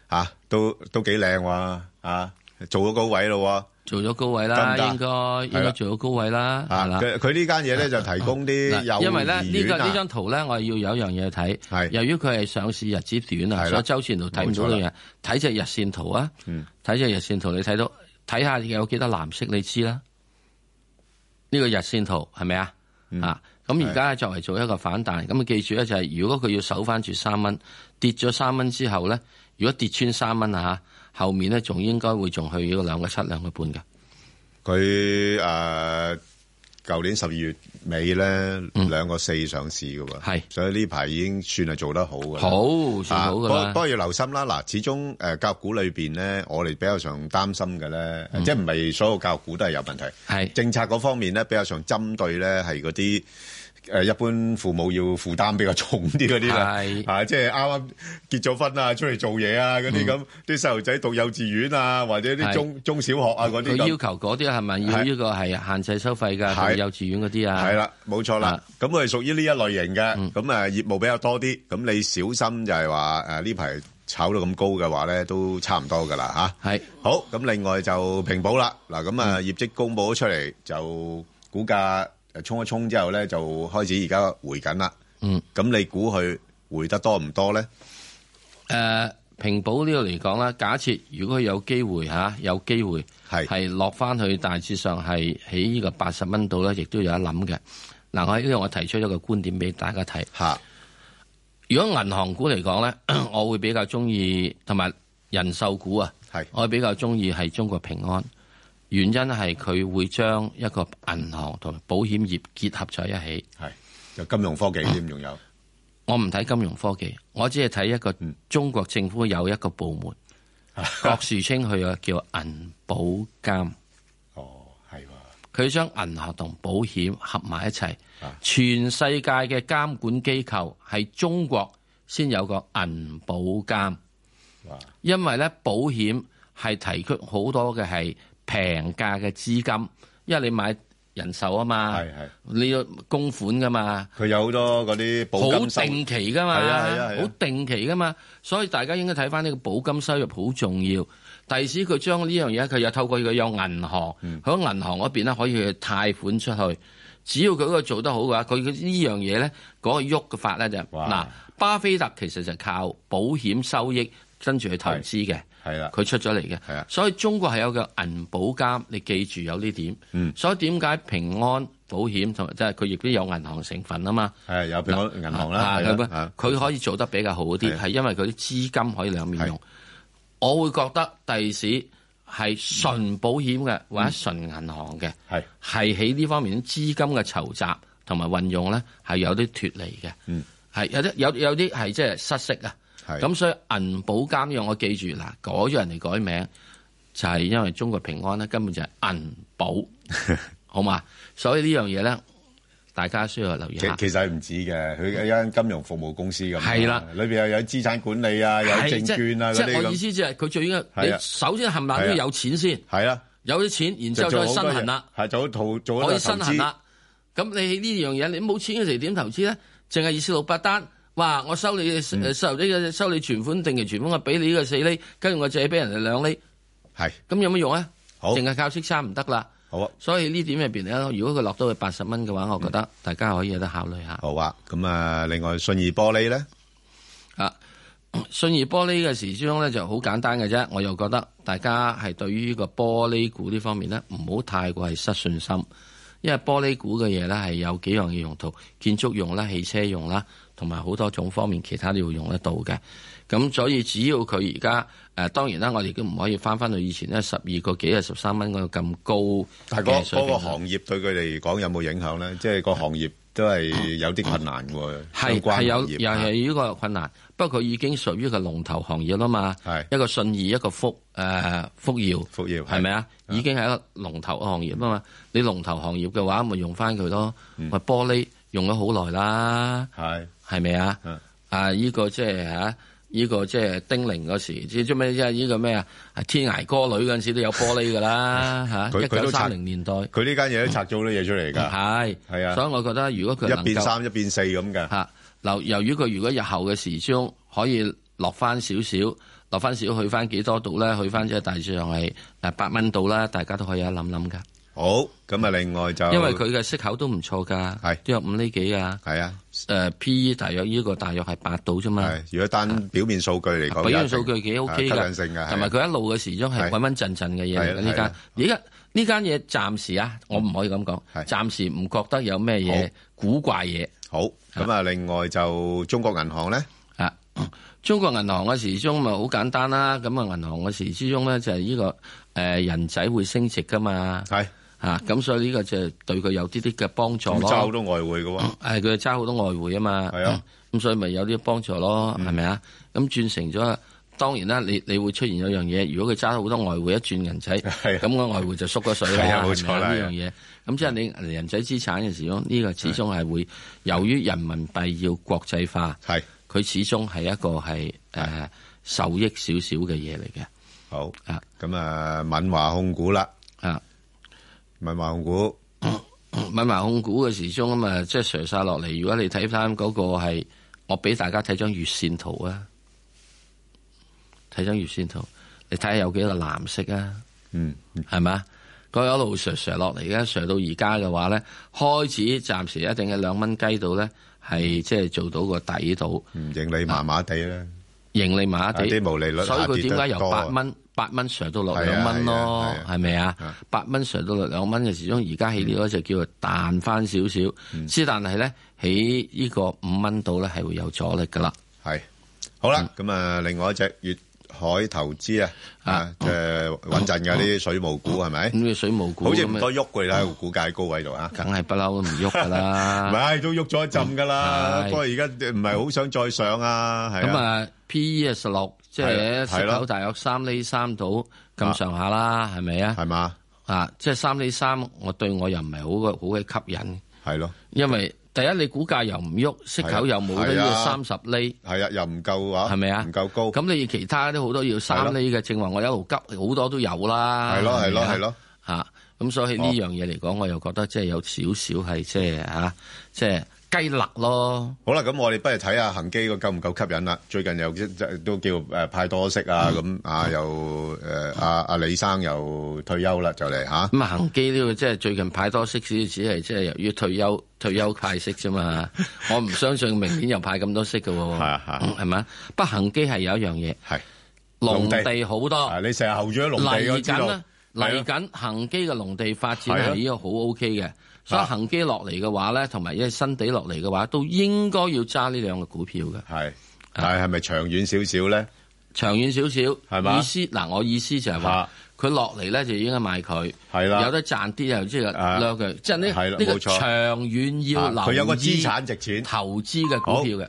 啊，都都幾靚喎，啊，做咗高位咯、啊。做咗高位啦，應該應該做咗高位啦。佢佢呢間嘢咧就提供啲因為咧呢、這個張圖呢張圖咧，我要有一樣嘢睇。係由於佢係上市日子短啊，所以周線圖睇唔到樣嘢。睇隻日線圖啊，睇、嗯、隻日線圖你睇到，睇下有幾多藍色你知啦。呢、這個日線圖係咪啊、嗯？啊，咁而家作為做一個反彈，咁記住咧、啊、就係、是、如果佢要守翻住三蚊，跌咗三蚊之後咧，如果跌穿三蚊啊吓。後面咧，仲應該會仲去呢個兩個七、兩個半嘅。佢誒舊年十二月尾咧，兩個四上市嘅喎，係，所以呢排已經算係做得好嘅。好算好嘅啦。不、啊、不過要留心啦，嗱，始終誒教育股裏面咧，我哋比較常擔心嘅咧、嗯，即係唔係所有教育股都係有問題？係政策嗰方面咧，比較常針對咧係嗰啲。誒一般父母要負擔比較重啲嗰啲啦，嚇即係啱啱結咗婚啊，出嚟做嘢啊嗰啲咁，啲細路仔讀幼稚園啊，或者啲中中小學啊嗰啲，佢要求嗰啲係咪要呢個係限制收費㗎？幼稚園嗰啲啊，係啦，冇錯啦，咁佢係屬於呢一類型嘅，咁誒業務比較多啲，咁你小心就係話誒呢排炒到咁高嘅話咧，都差唔多㗎啦嚇。係好，咁另外就平保啦，嗱咁啊業績公佈咗出嚟就股價。衝一衝之後咧，就開始而家回緊啦。嗯，咁你估佢回得多唔多咧？誒、呃，平保呢度嚟講咧，假設如果佢有機會吓、啊，有機會係係落翻去，大致上係喺呢個八十蚊度咧，亦都有得諗嘅。嗱、啊，我喺呢度我提出一個觀點俾大家睇。吓，如果銀行股嚟講咧，我會比較中意同埋人壽股啊。係，我會比較中意係中國平安。原因係佢會將一個銀行同保險業結合在一起，係就金融科技添，仲、嗯、有我唔睇金融科技，我只係睇一個中國政府有一個部門郭樹清佢啊，叫銀保監哦，係佢將銀行同保險合埋一齊， <laughs> 全世界嘅監管機構係中國先有個銀保監， <laughs> 因為咧保險係提出好多嘅係。平價嘅資金，因為你買人壽啊嘛係係，你要供款噶嘛，佢有好多嗰啲保金收入，好定期噶嘛，係啊係啊，好、啊啊、定期噶嘛，所以大家應該睇翻呢個保金收入好重要。第二將、這個，使佢將呢樣嘢，佢又透過佢有銀行，喺、嗯、銀行嗰邊咧可以去貸款出去。只要佢嗰個做得好嘅話，佢呢樣嘢咧嗰個喐嘅、那個、法咧就是，嗱，巴菲特其實就靠保險收益跟住去投資嘅。係啦，佢出咗嚟嘅，所以中國係有個銀保監，你記住有呢點、嗯。所以點解平安保險同埋即係佢亦都有銀行成分啊嘛？係有平安銀行啦，佢、啊、可以做得比較好啲，係因為佢啲資金可以兩面用。我會覺得第時係純保險嘅或者純銀行嘅，係係喺呢方面資金嘅籌集同埋運用咧係有啲脫離嘅，係有啲有有啲係即係失色啊。咁所以銀保監樣，我記住嗱，改咗人哋改名，就係因為中國平安咧根本就係銀保，好嘛？ <laughs> 所以呢樣嘢咧，大家需要留意下。其實唔止嘅，佢有間金融服務公司咁。係啦，裏面又有資產管理啊，有證券啊嗰啲，即係我意思，即係佢最緊要你首先係咪都要有錢先。係啊，有咗錢，然之後再身痕啦。係做、做、做、做一套，做可以身痕啦。咁你呢樣嘢，你冇錢嘅時，點投資咧？淨係意思六八單。哇！我收你收呢個收你存款定期存款，我俾你呢個四厘，跟住我借俾人哋兩厘，係咁有乜用啊？好，淨係靠息差唔得啦。好啊，所以呢點入邊咧，如果佢落到去八十蚊嘅話，我覺得大家可以有得考慮下。好啊，咁啊，另外信義玻璃咧啊，信義玻璃嘅時鐘咧就好簡單嘅啫。我又覺得大家係對於呢個玻璃股呢方面咧，唔好太過係失信心，因為玻璃股嘅嘢咧係有幾樣嘅用途，建築用啦，汽車用啦。同埋好多種方面，其他都要用得到嘅。咁所以只要佢而家誒，當然啦，我哋都唔可以翻翻到以前咧，十二個幾啊，十三蚊嗰個咁高。大哥，嗰、嗰個行業對佢哋講有冇影響咧？即係個行業都係有啲困難喎。係、嗯、係有，又係一個困難。不過佢已經屬於個龍頭行業啦嘛。係一個信義，一個福誒福耀，福耀係咪啊？已經係一個龍頭行業啊嘛，呃是是業嘛嗯。你龍頭行業嘅話，咪用翻佢咯。咪、嗯、玻璃。用咗好耐啦，係係咪啊？啊，依、這個即係吓，啊這個個即係丁寧嗰時，即係咩？即係呢個咩啊？天涯歌女嗰陣時都有玻璃噶啦，吓一九三零年代，佢呢間嘢都拆咗好多嘢出嚟噶，係、嗯、係啊，所以我覺得如果佢一變三一變四咁嘅，吓、啊，由由於佢如果日後嘅時鐘可以落翻少少，落翻少去翻幾多度咧？去翻即係大致上係誒八蚊度啦，大家都可以想一諗諗噶。好，咁啊，另外就因為佢嘅息口都唔錯噶，係都有五厘幾啊，係、呃、啊，誒，P E 大約呢，這個大約係八度啫嘛。係如果單表面數據嚟講，啊，表面數據幾 O K 噶，同埋佢一路嘅時鐘係穩穩陣陣嘅嘢呢間。而、啊、家呢間嘢暫時啊，我唔可以咁講，啊，暫時唔覺得有咩嘢古怪嘢。好，咁啊，另外就中國銀行咧，啊，中國銀行嘅、啊嗯、時鐘咪好簡單啦，咁啊，銀行嘅時之中咧就係、是、呢、這個誒、呃、人仔會升值噶嘛，係、啊。吓、啊、咁所以呢個就對佢有啲啲嘅幫助咯，揸好多外匯嘅喎，佢揸好多外匯啊嘛，係啊，咁、嗯、所以咪有啲幫助咯，係咪啊？咁轉成咗，當然啦，你你會出現有樣嘢，如果佢揸好多外匯一轉人仔，咁個、啊、外匯就縮咗水、啊啊啊、錯啦，冇錯啦呢樣嘢。咁、啊、即係你人仔資產嘅時候，呢、這個始終係會、啊、由於人民幣要國際化，係佢、啊啊、始終係一個係誒、啊、受益少少嘅嘢嚟嘅。好啊，咁啊敏華控股啦。.咪盲控股，咪盲 <coughs> 控股嘅時鐘咁嘛，即係削晒落嚟。如果你睇翻嗰個係，我俾大家睇張月線圖啊，睇張月線圖，你睇下有幾多藍色啊？嗯，係咪？佢一路削削落嚟，削到而家嘅話咧，開始暫時一定係兩蚊雞度咧，係即係做到個底度、嗯。盈利麻麻地啦，盈利麻麻地，啲毛利率下跌得多，所以佢點解由八蚊。八蚊上到落兩蚊咯，係咪啊？八蚊上到落兩蚊嘅時鐘，而家、啊啊啊嗯、起呢嗰隻叫做彈翻少少。之但係咧，喺呢個五蚊度咧係會有阻力噶啦。係好啦，咁、嗯、啊，嗯、另外一隻粵海投資啊、即係、啊，啊，啊，啊，誒穩陣啲水務股係咪？咁水務股好似唔多喐㗎啦，股價高位度啊，梗係不嬲 <laughs> 都唔喐㗎啦。唔係都喐咗一陣㗎啦，嗯、不過而家唔係好想再上啊。咁、嗯、啊，P E 係十六。即係息口大約三厘三到咁上下啦，係咪啊？係嘛啊！即係三厘三，我對我又唔係好好嘅吸引。係咯，因為第一你股價又唔喐，息口又冇得要三十厘，係啊，係啊，又唔夠啊。係咪啊？唔夠高。咁你其他啲好多要三厘嘅，啊、正話我一路急好多都有啦。係咯係咯係咯，咁所以呢樣嘢嚟講，我又覺得即係有少少係即係，即係。雞肋咯，好啦，咁我哋不如睇下恒基個夠唔夠吸引啦。最近又都叫、呃、派多息啊，咁、嗯、啊又誒阿阿李生又退休啦，就嚟嚇咁啊，恒基呢、這個即係、就是、最近派多息先，只係即係由於退休退休派息啫嘛。 <laughs> 我唔相信明顯又派咁多息㗎喎，係係係咪？不恒基係有一樣嘢係農地好多，啊、你成日后咗啲農地嗰嚟緊嚟緊恒基嘅農地發展係呢個好 OK 嘅。所以恒基落嚟嘅話咧，同埋因為新地落嚟嘅話，都應該要揸呢兩個股票嘅。係，但係係咪長遠少少咧？長遠少少係嘛？意思嗱，我意思就係話，佢落嚟咧就應該買佢，係啦，有得賺啲又即係掠佢，即係呢呢長遠要留佢、啊、有個資產值錢投資嘅股票嘅。